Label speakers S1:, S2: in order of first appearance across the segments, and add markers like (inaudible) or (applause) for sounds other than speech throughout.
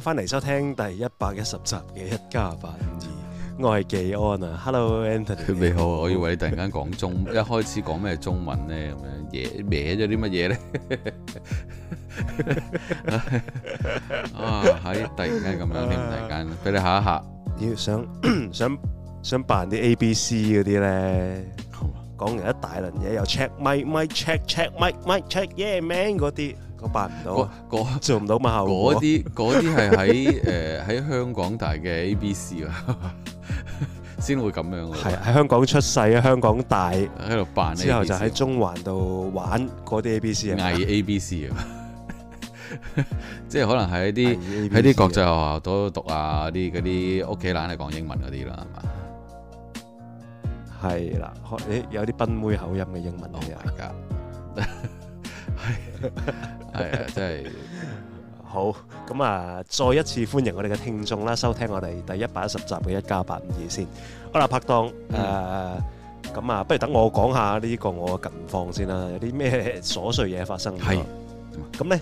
S1: 翻嚟收聽第一百一十
S2: 集嘅一家852，我係紀安啊，Hello Anthony，你好，我以為你突然間講中，一開始講咩中文咧，咁樣歪歪咗啲乜嘢咧？啊，喺突然間咁樣，突然間俾你吓一
S1: 吓，要想想想扮啲 A B C 嗰啲咧，講完一大輪嘢又 check mic mic check check mic mic check，yeah man 嗰啲。
S2: 我辦唔到，那做唔
S1: 到嘛。後。啲嗰啲係喺誒
S2: 喺香港大嘅 A B C 啊，先 (laughs) 會咁樣。係喺
S1: 香港出世，喺香港大，
S2: 喺度辦，之後就喺
S1: 中環度玩嗰啲 A B C 啊，偽 A
S2: B C 啊， (laughs) 即係可能係一啲喺啲國際學校都讀啊，啲嗰啲屋企懶係講英文嗰啲啦，係嘛？係啦，誒，有
S1: 啲賓妹口音嘅英文嘅。Oh my (laughs) 係，係啊，真係好。咁啊，再一次歡迎我哋嘅聽眾啦，收聽我哋第一百一十集嘅一加八五二先。好啦，拍檔，誒，咁啊，不如等我講下呢個我近況先啦，有啲咩瑣碎嘢發生？係，咁咧，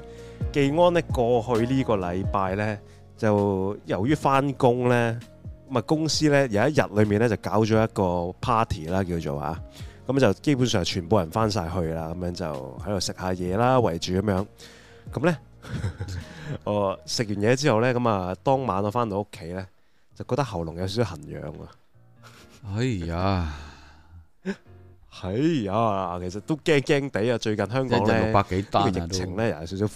S1: 記安技安咧過去呢個禮拜咧，就由於翻工咧，咁啊公司咧有一日裏面咧就搞咗一個 party 啦，叫做啊。咁就基本上全部人翻晒去啦，咁樣就喺度食下嘢啦，圍住咁樣。咁呢，我食、 (laughs) 呃、完嘢之後呢，咁啊，當晚我翻到屋企呢，就覺得喉嚨有少少痕癢啊。哎呀，哎呀，其實都驚驚地啊！最近香港呢，六百幾單嘅疫情呢，又有少少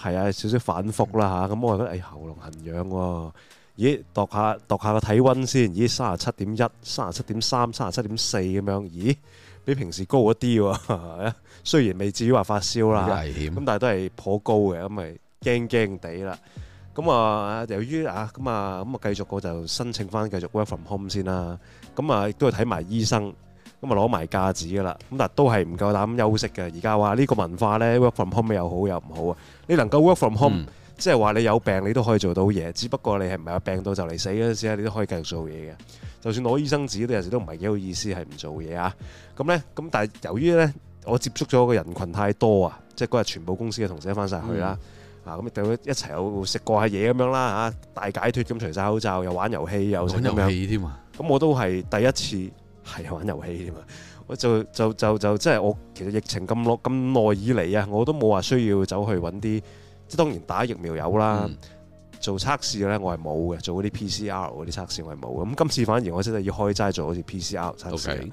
S1: 係 (laughs) 啊，有少少反覆啦嚇。咁 (laughs) 我覺得哎，喉嚨痕癢喎。咦，度下度下個體温先，咦，三十七點一、三十七點三、三十七點四咁樣，咦，比平時高一啲喎、啊。雖然未至於話發燒啦，咁但係都係頗高嘅，咁咪驚驚地啦。咁啊，由於啊，咁啊，咁啊，繼續我就申請翻繼續 work from home 先啦。咁、嗯、啊，亦都係睇埋醫生，咁啊攞埋假紙噶啦。咁但係都係唔夠膽休息嘅。而家話呢、這個文化呢 work from home 又好又唔好啊。你能夠 work from home、嗯。即係話你有病你都可以做到嘢，只不過你係唔係有病到就嚟死嗰陣時咧，你都可以繼續做嘢嘅。就算攞醫生紙，有陣時都唔係幾好意思係唔做嘢啊。咁咧，咁但係由於咧，我接觸咗個人群太多啊，即係嗰日全部公司嘅同事翻晒去啦，嗯、啊咁，大家、嗯、一齊又食過下嘢咁樣啦嚇，大解脫咁除晒口罩又玩遊戲又。玩遊戲添咁我都係第一次係玩遊戲添啊！我就就就就，就即係我其實疫情咁耐以嚟啊，我都冇話需要走去揾啲。即係當然打疫苗有啦，嗯、做測試咧我係冇嘅，做嗰啲 PCR 嗰啲測試我係冇嘅。咁今次反而我真係要開齋做好似 PCR 測試。咁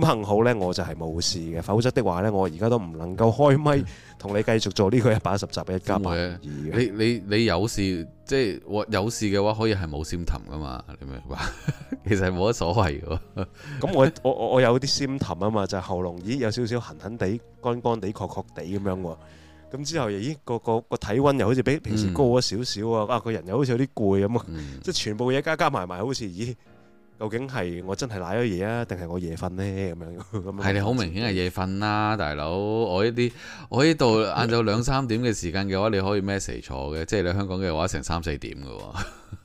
S1: Okay. 幸好咧我就係冇事嘅，否則的話咧我而家都唔能夠開咪同、嗯、你繼續做呢
S2: 個一百一十集一家、啊、你你你有事即係我有事嘅話，可以係冇咽喉噶嘛？你明唔明啊？ (laughs) 其實冇乜所謂嘅。咁 (laughs) 我我我，我有啲
S1: 咽喉啊嘛，就係、喉嚨咦有少，少少痕痕地、乾乾地、確確地咁樣喎、啊。咁之後咦，個個個體溫又好似比平時高咗少少啊！嗯、啊，個人又好似有啲攰咁啊，嗯、即係全部嘢加加埋埋，好似咦，究竟係我真係賴咗嘢啊，定係我夜瞓咧咁樣？係你好明顯
S2: 係夜瞓啦，大佬！我呢啲我呢度晏晝兩三點嘅時間嘅話，你可以 message 坐嘅，即係你香港嘅話成三四點㗎。 (laughs)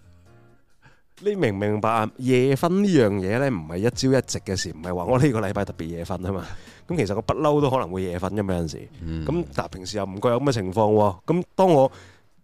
S1: 你明唔明白啊？夜瞓呢樣嘢呢，唔係一朝一夕嘅事，唔係話我呢個禮拜特別夜瞓啊嘛。咁其實我不嬲都可能會夜瞓噶嘛，有陣時。咁但平時又唔覺有咁嘅情況喎。咁當我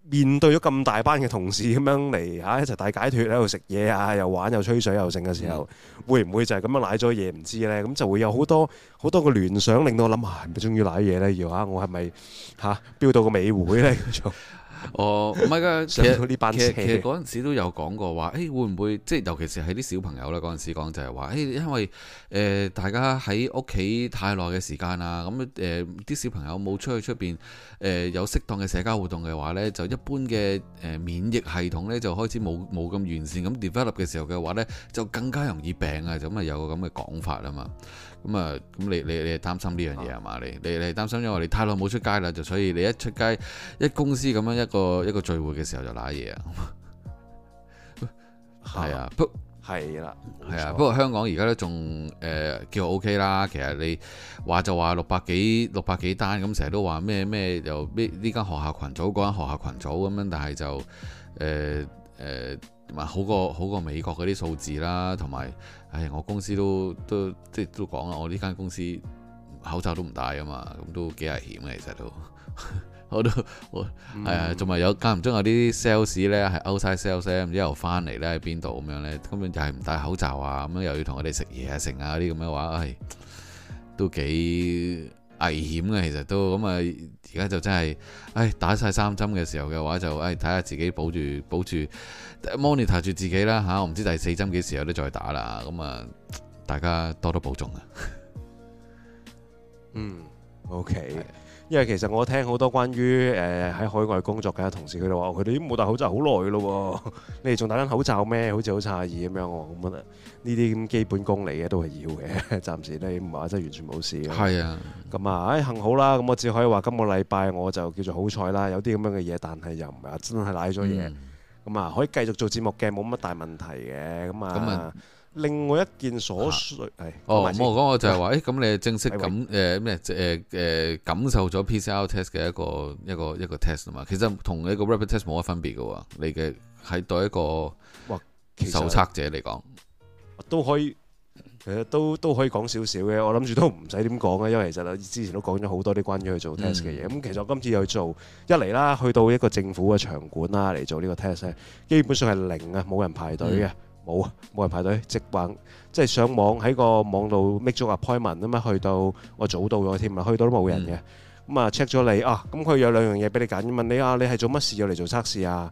S1: 面對咗咁大班嘅同事咁樣嚟吓一齊大解脫喺度食嘢啊，又玩又吹水又剩嘅時候，會唔會就係咁樣瀨咗嘢唔知呢？咁就會有好多好多個聯想，想，令到我諗啊，係咪中意瀨嘢呢？要吓我係咪吓飆到個尾會呢？ (laughs)
S2: 哦，唔係噶，其實 (laughs) 班其實其實嗰時都有講過話，誒、欸、會唔會即係尤其是係啲小朋友啦嗰陣時講就係話，誒、欸、因為誒、呃、大家喺屋企太耐嘅時間啊，咁誒啲小朋友冇出去出邊誒有適當嘅社交活動嘅話呢，就一般嘅誒、呃、免疫系統呢，就開始冇冇咁完善，咁 develop 嘅時候嘅話呢，就更加容易病啊，咁啊有個咁嘅講法啊嘛。咁啊，咁你你你係擔心呢樣嘢吖嘛？你你你係擔心因為你太耐冇出街啦，就所以你一出街一公司咁樣一個一個聚會嘅時候就瀨嘢 (laughs) 啊，係啊不，不係啦，係啊，不過香港而家都仲誒叫 OK 啦。其實你話就話六百幾六百幾單咁，成日都話咩咩又咩呢間學校群組嗰間學校群組咁樣，但係就誒誒、呃呃，好過好過美國嗰啲數字啦，同埋。唉、哎，我公司都都即係都講啊，我呢間公司口罩都唔戴啊嘛，咁都幾危險嘅其實都， (laughs) 我都，我都我係啊，仲、哎、埋、嗯、有間唔中有啲 sales 咧係 outside sales 咧，唔知又翻嚟咧喺邊度咁樣咧，根本就係唔戴口罩啊，咁樣又要同佢哋食嘢啊食啊啲咁嘅話，唉、哎，都幾～危險嘅其實都咁啊，而家就真係，誒打晒三針嘅時候嘅話就，誒睇下自己保住保住 monitor 住自己啦嚇、啊，我唔知第四針幾時候都再打啦，咁、嗯、啊大家多多保重啊， (laughs)
S1: 嗯，OK。因為其實我聽好多關於誒喺海外工作嘅同事，佢哋話，哦，佢哋已經冇戴口罩好耐噶咯，你哋仲戴緊口罩咩？好似好詫異咁樣。咁樣，呢啲咁基本功嚟嘅都係要嘅。暫時你唔話真係完全冇事。係啊。咁啊，哎，幸好啦。咁我只可以話今個禮拜我就叫做好彩啦，有啲咁樣嘅嘢，但係又唔係話真係瀨咗嘢。咁啊，可以繼續做節目嘅，冇乜大問題嘅。
S2: 咁啊。
S1: 另外一件所
S2: 需，係、啊、哦，冇、嗯、我講，我就係話，誒咁、哎、你正式感誒咩誒誒感受咗 PCR test 嘅一個一個一個,一個 test 啊嘛，其實同你個 rapid test 冇乜分別嘅喎，你嘅喺對一個哇手測者嚟講，
S1: 都可以，其實都都,都可以講少少嘅，我諗住都唔使點講啊，因為其實之前都講咗好多啲關於去做 test 嘅嘢，咁、嗯、其實我今次去做一嚟啦，去到一個政府嘅場館啦嚟做呢個 test，基本上係零啊，冇人排隊嘅。嗯冇啊，冇人排隊，直話即係上網喺個網度 make 咗 appointment 啊嘛，去到我早到咗添啊，去到都冇人嘅，咁啊 check 咗你啊，咁佢有兩樣嘢俾你揀，問你啊你係做乜事要嚟做測試啊？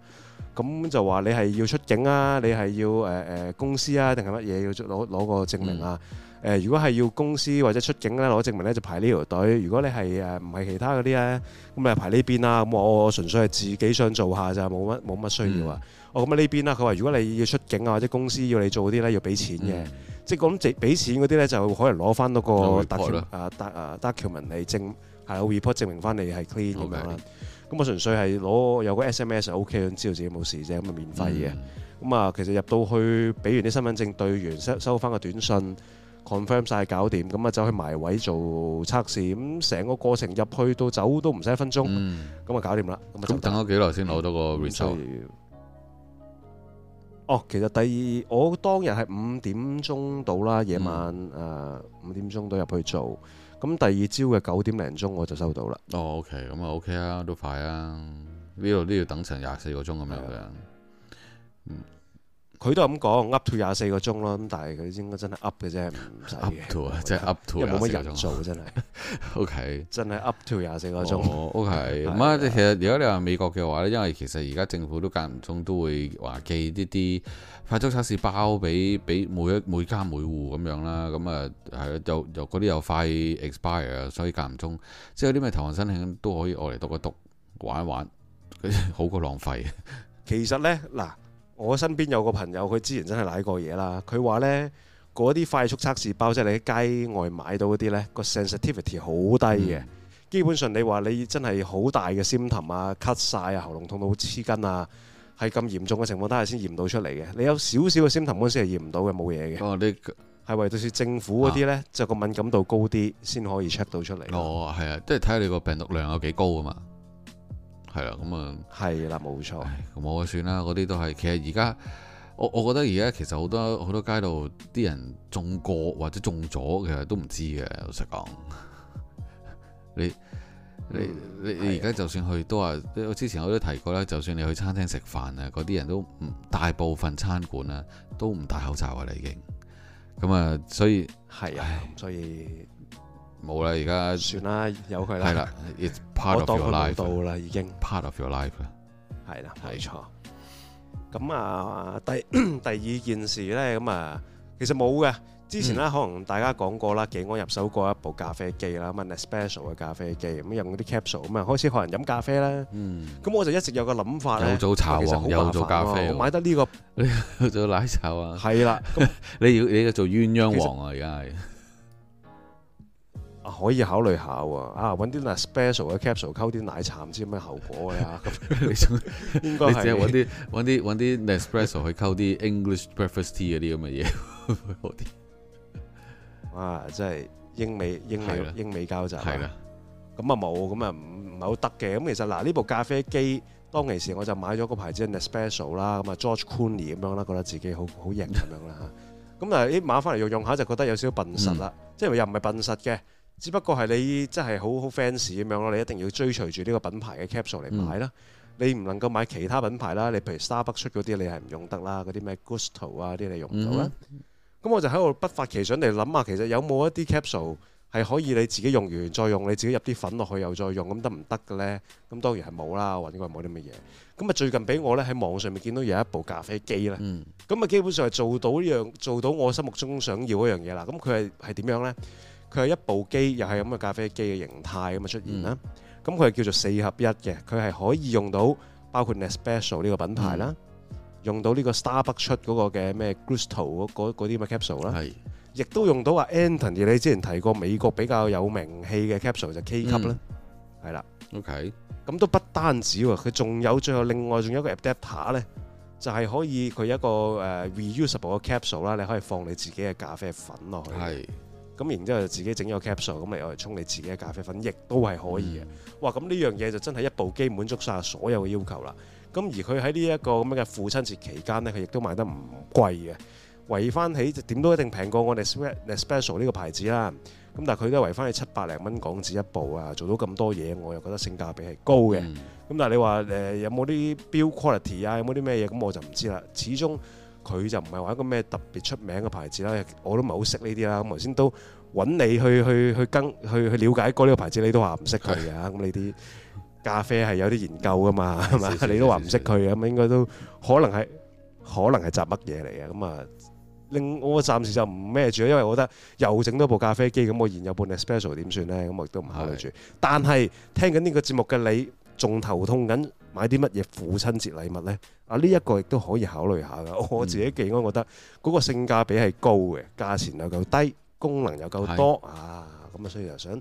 S1: 咁、啊、就話你係要出境啊，你係要誒誒、呃、公司啊定係乜嘢要攞攞個證明啊？誒、嗯呃、如果係要公司或者出境咧攞證明咧就排呢條隊，如果你係誒唔係其他嗰啲咧，咁咪排呢邊啦。咁我我純粹係自己想做下咋，冇乜冇乜需要啊。哦，咁啊呢邊啦，佢話如果你要出境啊或者公司要你做啲咧，要俾錢嘅，嗯、即係咁即俾錢嗰啲咧就可能攞翻嗰個特呢、uh, uh, document 嚟證係、uh, report 證明翻你係 clean 咁樣啦。咁我純粹係攞有個 SMS OK 知道自己冇事啫，咁啊免費嘅。咁啊、嗯、其實入到去俾完啲身份證對完收收翻個短信 confirm 曬搞掂，咁啊走去埋位做測試，咁成個過程入去到走都唔使一分鐘，咁啊、嗯、搞掂啦。
S2: 咁 duc、um. 等咗幾耐先攞到個 result？哦，
S1: 其實第二我當日係五點鐘到啦，夜晚誒五、嗯呃、點鐘
S2: 到入去做，咁第二朝嘅九點零鐘我就收到啦。哦，OK，咁啊 OK 啊，都快啊，呢度都要等成廿四個鐘咁樣嘅。
S1: 佢都係咁講，up to 廿四個鐘咯。咁但係佢應該真係 up 嘅啫，唔使嘅 up to 啊，即係 up
S2: to。因為冇乜人做， (laughs) Okay. 真係。O K。真係 up to 廿四個鐘。O、oh, K okay. (laughs) 的。咁啊，其實如果你話美國嘅話咧，因為其實而家政府都間唔中都會話寄呢啲快速測試包俾俾每一每家每戶咁樣啦。咁啊係啊，就就嗰啲又快 expire，所以間唔中即係有啲咩投案申請都可以攞嚟讀一讀，玩一玩，好過浪費。其實咧嗱。我身邊有個
S1: 朋友，佢之前真係舐過嘢啦。佢話呢，嗰啲快速測試包即係你喺街外買到嗰啲呢個 sensitivity 好低嘅。嗯、基本上你話你真係好大嘅 symptom 啊、咳晒啊、喉嚨痛到好黐筋啊，係咁嚴重嘅情況底下先驗到出嚟嘅。你有少少嘅 symptom 本身係驗唔到嘅，冇嘢嘅。哦，你係為到政府嗰啲呢，啊、就個敏感
S2: 度高啲先可以 check 到出嚟。哦，係啊，即係睇下你個病毒量有幾高啊嘛。係啦，咁啊，係啦，冇錯，咁我算啦，嗰啲都係。其實而家，我我覺得而家其實好多好多街道啲人中過或者中咗，其實都唔知嘅，老實講。你、嗯、你你你而家就算去的都話，之前我都提過啦，就算你去餐廳食飯啊，嗰啲人都唔大部分餐館啊都唔戴口罩噶啦，已經。咁啊，所以係啊，所以。冇啦，而家算啦，有佢啦。係啦，It's part of your life。我當唔到啦，
S1: 已經。Part of your life 啦。係啦，冇錯。咁啊，第第二件事咧，咁啊，其實冇嘅。之前咧，可能大家講過啦，幾安入手過一部咖啡機啦，咁啊，special 嘅咖啡機，咁用啲 capsule 咁啊，開始學人飲咖啡啦。嗯。咁我就一直有個諗法咧，早炒，其實好麻煩啊。我買得呢個，你做奶茶啊。係啦，
S2: 你要你要做鴛鴦王啊，而家係。
S1: 可以考慮下喎，啊揾啲 Nespresso 嘅 Capsule 溝啲奶茶，唔知咩
S2: 效果嘅、啊、呀？咁 (laughs) (laughs) 是你仲，你只係揾啲揾啲揾啲 Nespresso 去溝啲 English Breakfast Tea 嗰啲咁嘅嘢，會好啲。哇！真係
S1: 英美英美了英美交集，係了啊。咁啊冇，咁啊唔唔係好得嘅。咁其實嗱，呢部咖啡機當其時我就買咗個牌子 Nespresso 啦，咁啊 George Clooney 咁樣啦，覺得自己好好型咁樣啦，咁啊，啲買翻嚟用用下就覺得有少少笨實啦，嗯、即係又唔係笨實嘅。只不過係你真係好好 fans 咁樣咯，你一定要追隨住呢個品牌嘅 capsule 嚟買啦。嗯、你唔能夠買其他品牌啦。你譬如 Starbucks 出嗰啲，你係唔用得啦。嗰啲咩 Gusto 啊，啲你用唔到啦。咁、嗯、我就喺度不發奇想嚟諗下，其實有冇一啲 capsule 係可以你自己用完再用，你自己入啲粉落去又再用，咁得唔得嘅呢？咁當然係冇啦，或者應該冇啲乜嘢。咁啊，最近俾我呢喺網上面見到有一部咖啡機呢，咁啊基本上係做到呢樣做到我心目中想要嗰樣嘢啦。咁佢係係點樣呢？佢係一部機，又係咁嘅咖啡機嘅形態咁嘅出現啦。咁佢係叫做四合一嘅，佢係可以用到包括 Nespresso 呢個品牌啦，嗯、用到呢個 Starbucks 出嗰個嘅咩 Gristo 嗰嗰嗰啲嘅 capsule 啦，亦都用到啊 Anthony 你之前提過美國比較有名氣嘅 capsule 就 K-cup 啦，係啦，OK，咁都不單止喎，佢仲有最後另外仲有一個 adapter 咧，就係、是、可以佢一個誒 reusable 嘅 capsule 啦，你可以放你自己嘅咖啡粉落去。係是。咁然之後就自己整咗個 capsule，咁嚟我嚟沖你自己嘅咖啡粉，亦都係可以嘅。嗯、哇！咁呢樣嘢就真係一部機滿足晒所有嘅要求啦。咁而佢喺呢一個咁樣嘅父親節期間呢，佢亦都賣得唔貴嘅，圍返起點都一定平過我哋 special 呢個牌子啦。咁但係佢都圍返起七百零蚊港紙一部啊，做到咁多嘢，我又覺得性價比係高嘅。咁、嗯、但係你話誒、呃、有冇啲 build quality 啊，有冇啲咩嘢咁我就唔知啦。始終。佢就唔係話一個咩特別出名嘅牌子啦，我都唔係好識呢啲啦。咁頭先都揾你去去去更去去了解過呢個牌子，你都話唔識佢嘅。咁呢啲咖啡係有啲研究㗎嘛，係嘛？你都話唔識佢，咁應該都可能係可能係雜乜嘢嚟嘅。咁啊，令我暫時就唔孭住，因為我覺得又整多部咖啡機，咁我現有部 Nespresso 點算呢？咁我亦都唔考慮住。是的 但係聽緊呢個節目嘅你，仲頭痛緊。買啲乜嘢父親節禮物呢？啊，呢、這、一個亦都可以考慮下嘅。我自己既然覺得嗰個性價比係高嘅，嗯、價錢又夠低，功能又夠多的啊！咁啊，所以又想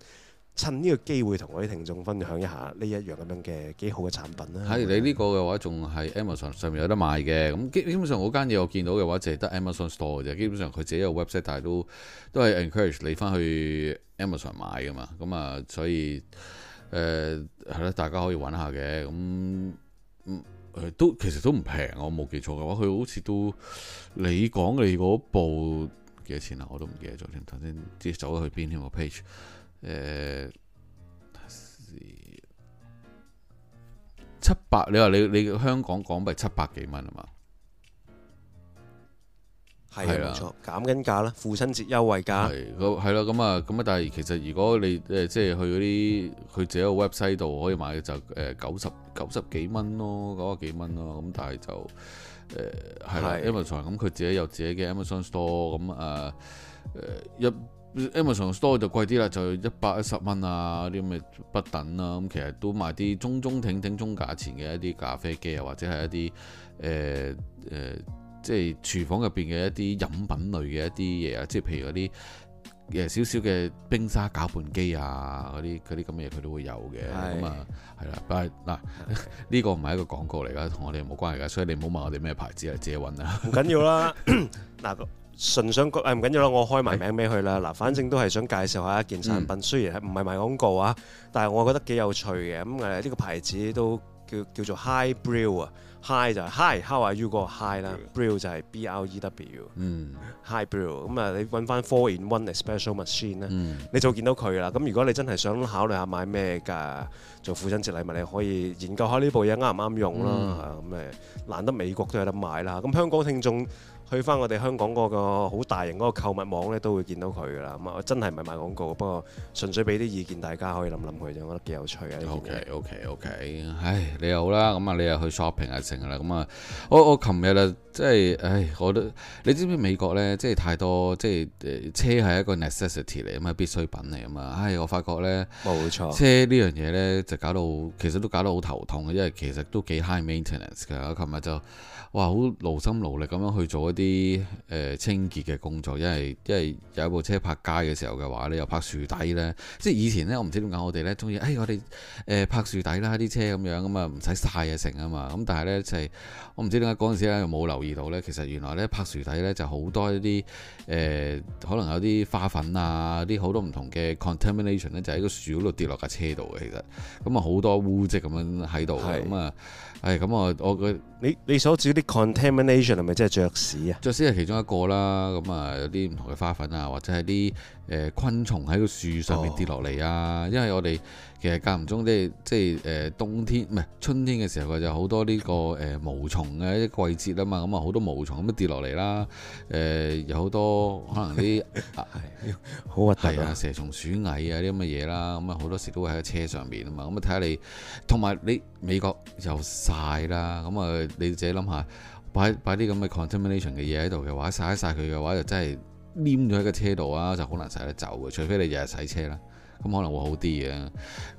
S1: 趁呢個機會同我啲聽眾分享一下呢一樣咁樣嘅幾好嘅產品啦。係的，的你
S2: 呢個嘅話仲喺 Amazon 上面有得賣嘅。咁、嗯、基本上嗰間嘢我見到嘅話就係得 Amazon Store 嘅。基本上佢自己有 website 但係都都係 encourage 你翻去 Amazon 買嘅嘛。咁啊，所以。誒係啦，大家可以揾下嘅咁，誒、嗯呃、都其實都唔平，我冇記錯嘅話，佢好似都你講你嗰部幾多錢啊？我都唔記得咗先，頭先跌走咗去邊添啊？個 Page 誒、呃、七百，你話你你香港港幣七百幾蚊啊嘛？係啦，減緊價啦，父親節優惠價，係咯，咁啊，咁啊，但係其實如果你誒即係去嗰啲佢自己個 website 度可以買嘅就誒九十九十幾蚊咯，九啊幾蚊咯，咁但係就誒係啦，Amazon 咁佢自己有自己嘅 Amazon store，咁啊誒一 Amazon store 就貴啲啦，就一百一十蚊啊啲咁嘅不等啦，咁其實都賣啲中中挺挺中價錢嘅一啲咖啡機啊，或者係一啲誒誒。呃呃即係廚房入邊嘅一啲飲品類嘅一啲嘢啊，即係譬如嗰啲嘅少少嘅冰沙攪拌機啊，嗰啲啲咁嘅嘢佢都會有嘅。咁啊是，係啦、嗯，但嗱呢個唔係一個廣告嚟㗎，同我哋冇關係㗎，所以你唔好問我哋咩牌子啊，自己揾啊。唔緊要
S1: 啦，嗱 (laughs) 純想唔緊要啦，我開埋名畀佢啦。嗱是，反正都係想介紹一下一件產品，嗯、雖然係唔係賣廣告啊，但係我覺得幾有趣嘅。咁誒呢個牌子都叫叫做 High Brew 啊。Br il, Hi 就係 Hi，How are you 嗰個 Hi 啦 Yeah.，Brew 就係 B R E W，嗯、mm.，Hi Brew，咁啊你揾翻 Four in One Special Machine 咧，mm. 你就見到佢啦。咁如果你真係想考慮下買咩㗎，做父親節禮物你可以研究下呢部嘢啱唔啱用啦。咁誒，難得美國都有得買啦。咁香港聽眾，去翻我哋香港嗰個好大型嗰個購物網咧，都會見到佢噶啦。咁啊，真係唔係賣廣告，不過純粹俾啲意見，大家可以諗諗佢就覺得幾有趣嘅啊。OK OK OK，
S2: 唉，你又好啦，咁啊，你又去 shopping 啊成日啦。咁啊，我我琴日啊，即係唉，我都你知唔知美國咧，即係太多，即係誒車係一個 necessity 嚟，咁啊必需品嚟啊嘛。唉，我發覺咧，冇錯，車呢樣嘢咧就搞到其實都搞到好頭痛，因為其實都幾 high maintenance 嘅。我琴日就。哇！好勞心勞力咁樣去做一啲誒、呃、清潔嘅工作，因為因為有部車泊街嘅時候嘅話咧，又泊樹底呢。即係以前呢，我唔知點解我哋呢中意，哎，我哋誒泊樹底啦啲車咁樣，咁啊唔使曬啊成啊嘛，咁、嗯、但係呢，就係、是、我唔知點解嗰陣時咧又冇留意到呢？其實原來呢，泊樹底呢就好多一啲誒、呃，可能有啲花粉啊，啲好多唔同嘅 contamination 呢，就喺、是、個樹度跌落架車度嘅，其實咁啊好多污漬咁樣喺度，咁啊～、嗯嗯嗯嗯嗯。係咁啊！我個你你所指啲 contamination 係咪即係雀屎啊？雀屎係其中一個啦，咁啊有啲唔同嘅花粉啊，或者係啲誒昆蟲喺個樹上面跌落嚟啊，oh. 因為我哋。其實間唔中即係即係誒冬天唔係春天嘅時候就、這個，就好多呢個誒毛蟲嘅一季節啊嘛，咁啊好多毛蟲咁跌落嚟啦，誒、呃、有好多可能啲好核突啊，蛇蟲鼠蟻啊啲咁嘅嘢啦，咁啊好多時都會喺個車上面啊嘛，咁啊睇下你同埋你美國又曬啦，咁、嗯、啊你自己諗下擺擺啲咁嘅 contamination 嘅嘢喺度嘅話，曬一曬佢嘅話，就真係黏咗喺個車度啊，就好難洗得走嘅，除非你日日洗車啦。咁可能會好啲嘅，咁、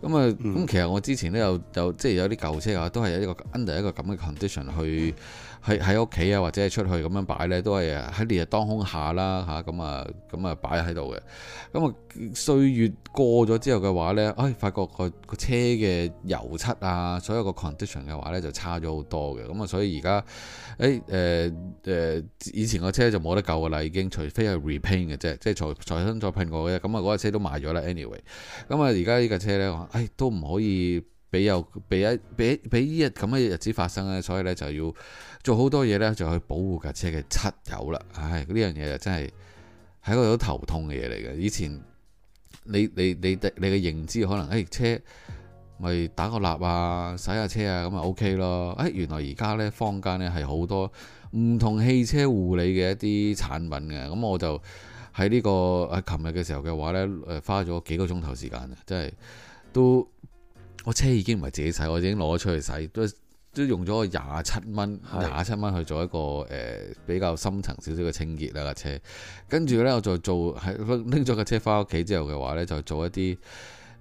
S2: 嗯、啊，咁、嗯、其實我之前都有，又即係有啲舊車啊，都係一個 under 一個咁嘅 condition 去。嗯喺喺屋企啊，或者係出去咁樣擺咧，都係喺烈日當空下啦嚇，咁啊咁啊擺喺度嘅。咁啊歲月過咗之後嘅話咧，哎發覺、嗰個個車嘅油漆啊，所有個 condition 嘅話咧就差咗好多嘅。咁啊所以而家誒誒誒，以前個車就冇得救噶啦，已經除非係 repaint 嘅啫，即係重重新再噴過嘅啫。咁啊嗰架車都賣咗啦，anyway。咁啊而家呢架車咧，我、哎、誒都唔可以。俾又俾一俾俾呢日咁嘅日子發生咧，所以咧就要做好多嘢咧，就去保護架車嘅漆油啦。唉、哎，呢樣嘢就真係係一個好頭痛嘅嘢嚟嘅。以前你你你你嘅認知可能誒、哎、車咪打個蠟啊，洗下車啊，咁啊 OK 咯。誒、哎、原來而家咧坊間咧係好多唔同汽車護理嘅一啲產品嘅。咁、嗯、我就喺呢、這個喺琴日嘅時候嘅話咧，誒花咗幾個鐘頭時間啊，真係都～我車已經唔係自己洗，我已經攞出去洗，都都用咗個廿七蚊，廿七蚊去做一個誒、呃、比較深層少少嘅清潔啦、啊，車。跟住呢，我就做係拎咗個車翻屋企之後嘅話呢，就做一啲。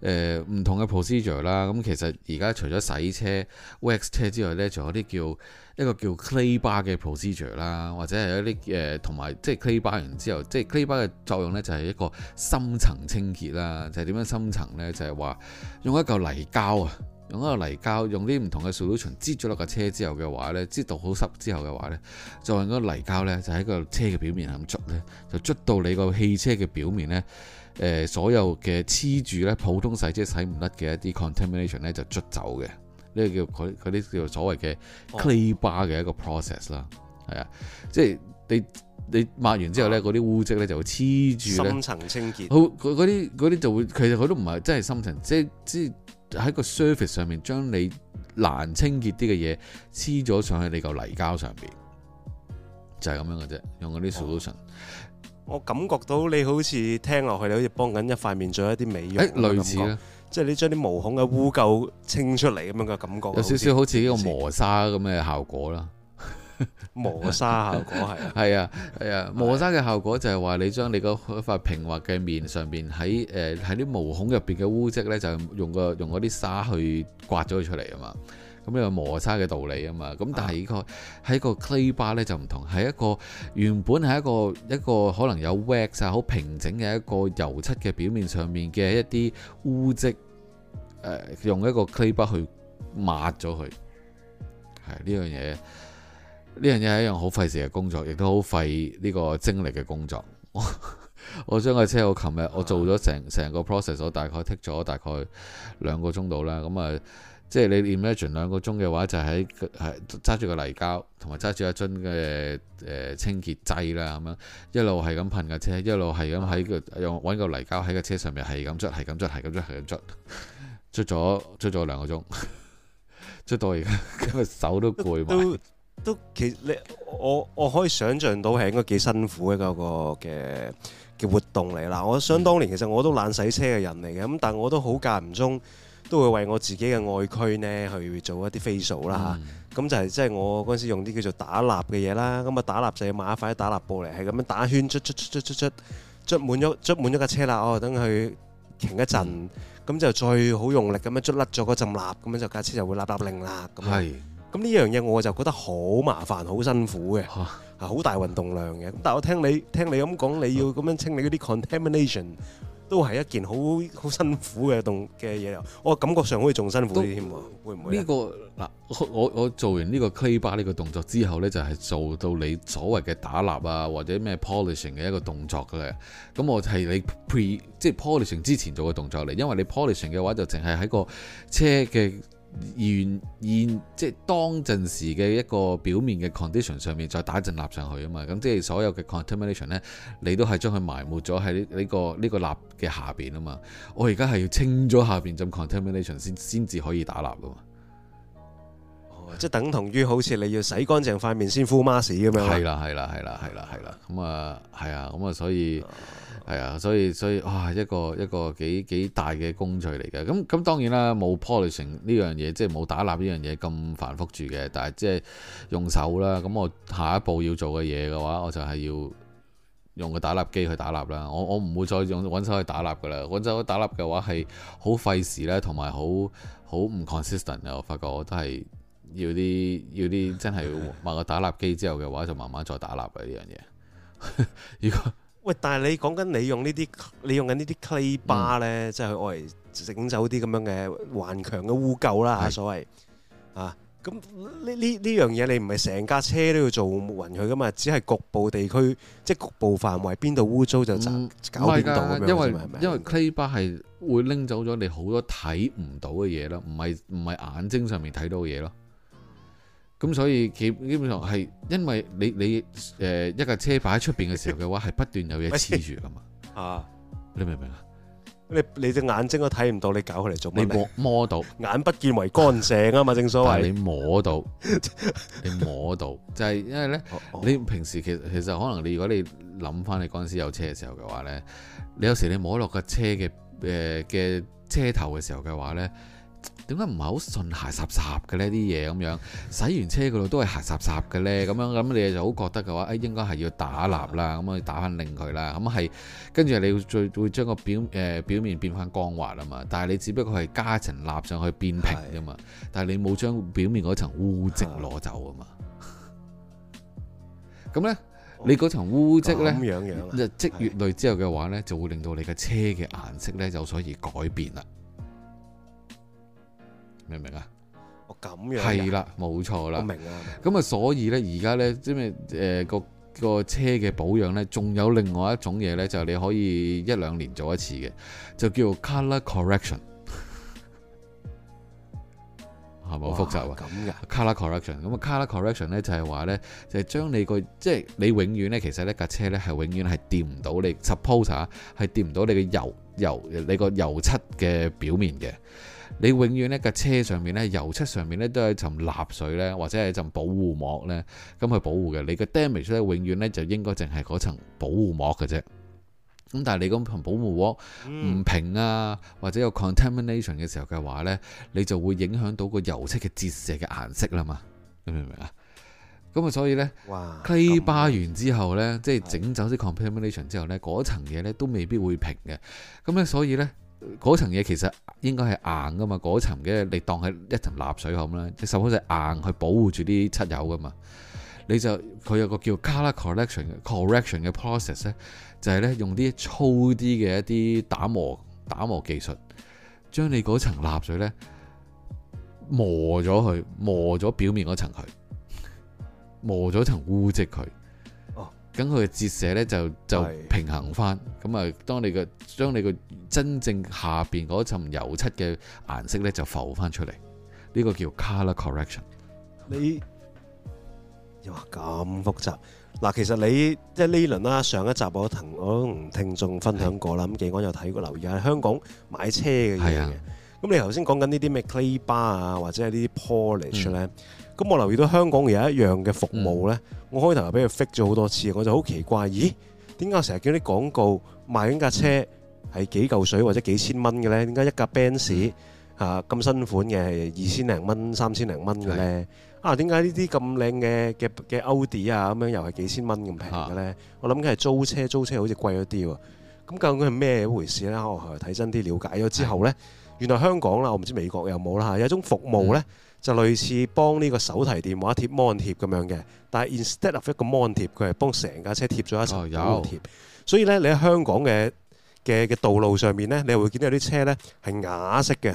S2: 誒唔、呃、同嘅 procedure 啦、啊，咁其實而家除咗洗車、wax 車之外呢，仲有啲叫一個叫 clay bar 嘅 procedure 啦、啊，或者係一啲誒同埋即係 clay bar 完之後，即係 clay bar 嘅作用呢，就係、是、一個深層清潔啦。就係、是、點樣深層呢？就係話用一嚿泥膠啊，用一嚿泥膠，用啲唔同嘅 solution 擠咗落架車之後嘅話呢，擠到好濕之後嘅話呢，就用嗰泥膠呢，就喺個車嘅表面咁捽呢，就捽到你個汽車嘅表面呢。誒、呃、所有嘅黐住咧普通洗即係洗唔甩嘅一啲 contamination 咧就捽走嘅，呢、這個叫佢啲叫做所謂嘅 clay bar 嘅一個 process 啦、哦，係啊，即係你你抹完之後咧，嗰啲、哦、污漬咧就會黐住，深層清潔，佢啲嗰啲就會其實佢都唔係真係深層，即係即係喺個 surface 上面將你難清潔啲嘅嘢黐咗上去你個泥膠上邊，就係、是、咁樣嘅啫，用嗰啲 solution、哦。我感覺到你好似聽落去，你好似幫緊一塊
S1: 面做一啲美容，誒，類似咧，即係你將啲毛孔嘅污垢清出嚟咁樣嘅感覺，嗯、有少少好似
S2: 呢個磨砂咁嘅效果啦， (laughs) 磨砂效果係，係 (laughs) 啊係啊，磨砂嘅效果就係話你將你個塊平滑嘅面上面喺誒喺啲毛孔入邊嘅污跡咧，就用個用嗰啲沙去刮咗佢出嚟啊嘛。咁呢個磨砂嘅道理啊嘛，咁但係呢、這個喺、啊、個 clay bar 呢就唔同，係一個原本係一個一個可能有 wax 啊好平整嘅一個油漆嘅表面上面嘅一啲污漬，呃，用一個 clay bar 去抹咗佢，係呢樣嘢，呢樣嘢係一樣好費事嘅工作，亦都好費呢個精力嘅工作。 (laughs) 我我將個車我琴日、啊、我做咗成成個 process，我大概剔咗大概兩個鐘度啦，咁啊。即係你 Imagine 兩個鐘嘅話，就喺係揸住個泥膠，同埋揸住一樽嘅誒清潔劑啦咁樣，樣樣樣樣一路係咁噴架車，一路係咁喺個用揾個泥膠喺架車上面係咁捽，係咁捽，係咁捽，係咁捽，捽咗捽咗兩個鐘，捽到而家手都攰埋。都都其實你我我可以想象
S1: 到係應該幾辛苦嘅嗰、嗰個嘅嘅活動嚟喇。我想當年其實我都懶洗車嘅人嚟嘅，咁但係我都好間唔中。都會為我自己嘅愛區咧去做一啲 facial 啦嚇，咁就係即係我嗰陣時用啲叫做打蠟嘅嘢啦，咁啊打蠟就要買一塊打蠟布嚟，係咁樣打圈捽捽捽捽捽捽，捽滿咗捽滿咗架車啦，我等佢停一陣，咁就再好用力咁樣捽甩咗嗰陣蠟，咁樣就架車就會立立令啦。咁係，咁呢樣嘢我就覺得好麻煩，好辛苦嘅，啊好大運動量嘅。咁但係我聽你聽你咁講，你要咁樣清理嗰啲 contamination。都係一件好好辛苦嘅動嘅嘢，
S2: 我感覺上好似仲辛苦啲添喎。都會唔會呢、呢個嗱？我我做完呢個 clay bar 呢個動作之後呢，就係、是、做到你所謂嘅打蠟啊，或者咩 polishing 嘅一個動作嘅。咁我係你 pre 即係 polishing 之前做嘅動作嚟，因為你 polishing 嘅話就淨係喺個車嘅。現現即係當陣時嘅一個表面嘅 condition，上面再打一陣蠟上去啊嘛，咁即係所有嘅 contamination 呢，你都係將佢埋沒咗喺呢呢個呢、這個蠟嘅下邊啊嘛，我而家係要清咗下邊陣 contamination，先先至可以打蠟㗎嘛，
S1: 即係等同於好似你要洗乾淨塊面先敷 mask 咁樣。係啦，係啦，係啦，
S2: 係啦，係啦，咁啊係啊，咁啊所以。係啊，所以所以啊，一個一個幾幾大嘅工序嚟嘅。咁咁當然啦，冇 polishing 呢樣嘢，即係冇打蠟呢樣嘢咁繁複住嘅。但係即係用手啦。咁我下一步要做嘅嘢嘅話，我就係要用個打蠟機去打蠟啦。我我唔會再用揾手去打蠟噶啦。揾手去打蠟嘅話係好費時咧，同埋好好唔 consistent。我發覺我都係要啲要啲真係買個打蠟機之後嘅話，就慢慢再打蠟嘅呢樣嘢。 (laughs) 如果喂，但係你講緊你用呢啲,你用緊呢啲 clay
S1: bar 呢，即係我嚟整走啲咁樣嘅頑強嘅污垢啦，吓所謂，啊，咁呢呢呢樣嘢你唔係成架車都要做抹匀佢噶嘛，只係局部地區，即係局部範圍邊度污糟就搞，唔係噶，因為是
S2: 是因為 clay bar 係會拎走咗你好多睇唔到嘅嘢咯，唔係唔係眼睛上面睇到嘅嘢咯。咁所以佢基本上係因為你你誒、呃、一架車擺喺出邊嘅時候嘅話係不斷有嘢黐住噶嘛，啊，你明唔明啊？
S1: 你你隻眼睛都睇唔到你，你搞佢嚟做咩？你摸摸到， (laughs) 眼不見為乾淨啊嘛，正所謂。但係你
S2: 摸到，你摸到， (laughs) 就係因為咧，哦哦、你平時其實其實可能你如果你諗翻你嗰陣時有車嘅時候嘅話咧，你有時你摸落架車嘅誒嘅車頭嘅時候嘅話咧。點解唔係好順，鞋濕濕嘅呢啲嘢咁樣，洗完車嗰度都係鞋濕濕嘅呢。咁樣咁你就好覺得嘅話，誒應該係要打蠟啦，咁啊打翻靚佢啦，咁係跟住你會會，會將個表誒、呃、表面變翻光滑啊嘛。但係你只不過係加層蠟上去變平啫嘛，是的 但係你冇將表面嗰層污漬攞走啊嘛。咁是的 (laughs) 呢，你嗰層污漬呢，日積月累之後嘅話呢，的就會令到你嘅車嘅顏色呢就所以改變啦。明唔明啊？我咁樣係啦，冇錯啦。我明啦。咁啊，所以咧，而家咧，即係誒，個個車嘅保養咧，仲有另外一種嘢咧，就係、是、你可以一兩年做一次嘅，就叫做 colour correction，係咪好 (laughs) 複雜啊？咁嘅 colour correction，咁啊 colour correction 咧就係話咧，就係、是、將、就是、你個即係你永遠咧，其實呢架車咧係永遠係掂唔到你，suppose 吓係掂唔到你嘅油油你個油漆嘅表面嘅。你永遠咧架車上面咧油漆上面咧都係一層蠟水咧，或者係一層保護膜呢咁去保護嘅。你嘅 damage 咧永遠呢就應該淨係嗰層保護膜嘅啫。咁但係你咁同保護膜唔平啊，嗯、或者有 contamination 嘅時候嘅話呢你就會影響到個油漆嘅折射嘅顏色啦嘛。你明唔明啊？咁啊，所以呢，漆扒哇完之後呢，即係整走啲 contamination 之後呢，嗰、嗯、層嘢呢都未必會平嘅。咁咧，所以呢。嗰層嘢其實應該係硬噶嘛，嗰層嘅你當係一層蠟水咁啦，你手好似硬去保護住啲漆油噶嘛。你就佢有個叫 color correction correction 嘅 process 咧，就係、是、咧用啲粗啲嘅一啲打磨打磨技術，將你嗰層蠟水咧磨咗佢，磨咗表面嗰層佢，磨咗層污跡佢。咁佢嘅折射咧就就平衡翻，咁啊是，當你嘅將你嘅真正下邊嗰層油漆嘅顏色咧就浮翻出嚟，呢、這個叫 color correction。你又話咁複雜？嗱、啊，其實你
S1: 即係呢輪啦，上一集我同我都同聽眾分享過啦。咁的幾安有睇過留意下香港買車嘅嘢嘅。咁的你頭先講緊呢啲咩 clay bar 啊，或者係呢啲 polish 咧？嗯咁我留意到香港有一樣嘅服務呢，我開頭又俾佢 fix 咗好多次，我就好奇怪，咦？點解成日叫啲廣告賣緊架車係幾嚿水或者幾千蚊嘅呢？點解一架 Benz 嚇、啊、咁新款嘅係二千零蚊、三千零蚊嘅呢？是的 啊，點解呢啲咁靚嘅嘅嘅奧迪啊咁樣又係幾千蚊咁平嘅呢？是的 我諗緊係租車，租車好似貴咗啲喎。咁究竟係咩回事呢？我後來睇真啲了解咗之後呢，原來香港啦，我唔知美國有冇啦，有一種服務呢。嗯就類似幫呢個手提電話貼 Mon 貼咁樣嘅，但係 instead of 一個 Mon 貼，佢係幫成架車貼咗一層 Mon 貼，所以咧你喺香港嘅嘅嘅道路上面咧，你會見到有啲車咧係啞色嘅。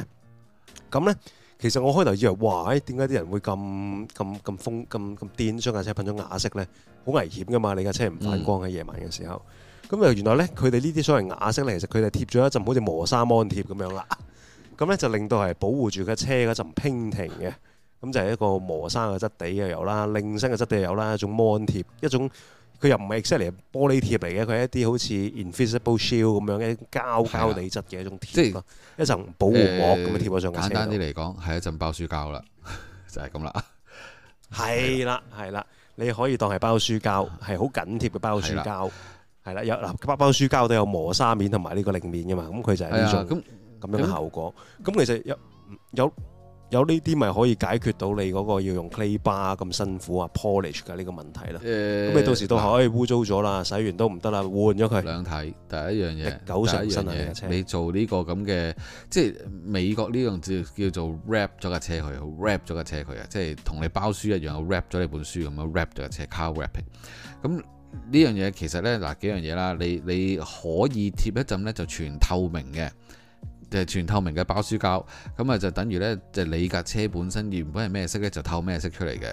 S1: 咁咧，其實我開頭以為，哇！點解啲人會咁咁咁瘋咁咁癲，將架車噴咗啞色咧？好危險噶嘛！你架車唔反光喺夜晚嘅時候。咁啊，原來咧佢哋呢啲所謂啞色咧，其實佢哋貼咗一層好似磨砂 Mon 貼咁樣啦。咁咧就令到係保護住架車嗰陣平停嘅，咁就係一個磨砂嘅質地又有啦，亮身嘅質地又有啦，一種摩安貼，一種佢又唔係 exactly 嚟，玻璃貼嚟嘅，佢係一啲好似 Invisible Shield 咁樣嘅膠膠地質嘅一種貼咯，一層保護膜咁樣貼喺上。簡單啲嚟
S2: 講，係一陣包書膠啦，
S1: 就係咁啦。係啦，係啦，你可以當係包書膠，係好緊貼嘅包書膠，係啦，有嗱，包包書膠都有磨砂面同埋呢個亮面噶嘛，咁佢就係呢種。咁樣嘅效果，咁、嗯、其實有有有呢啲咪可以解決到你嗰個要用 clay bar 咁辛苦啊 polish 噶呢個問題
S2: 啦。咁、嗯、你到時都可以污糟咗啦，洗完都唔得啦，換咗佢。兩睇，第一樣嘢，九成第90 新啊！架車，你做呢個咁嘅，即係美國呢樣叫叫做 wrap 咗架車去，wrap 咗架車佢啊，即係同你包書一樣，wrap 咗你本書咁樣 wrap 咗架車 car wrapping。咁、嗯、呢樣嘢其實咧，嗱幾樣嘢啦，你你，你可以貼一浸咧就全透明嘅。全透明嘅包書膠，咁啊就等於呢，就你架車本身原本係咩色咧，就透咩色出嚟嘅。誒、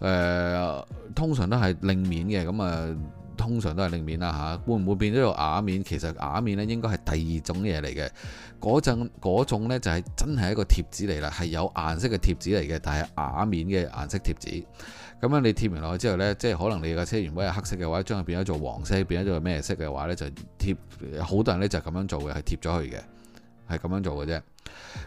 S2: 呃，通常都係令面嘅，咁啊，通常都係令面啦嚇、啊。會唔會變咗做瓦面？其實瓦面咧應該係第二種嘢嚟嘅。嗰陣嗰種咧就係、是、真係一個貼紙嚟啦，係有顏色嘅貼紙嚟嘅，但係瓦面嘅顏色貼紙。咁樣你貼完落去之後呢，即係可能你架車原本係黑色嘅話，將佢變咗做黃色，變咗做咩色嘅話呢，就貼。好多人呢就咁樣做嘅，係貼咗去嘅。係咁樣做嘅啫。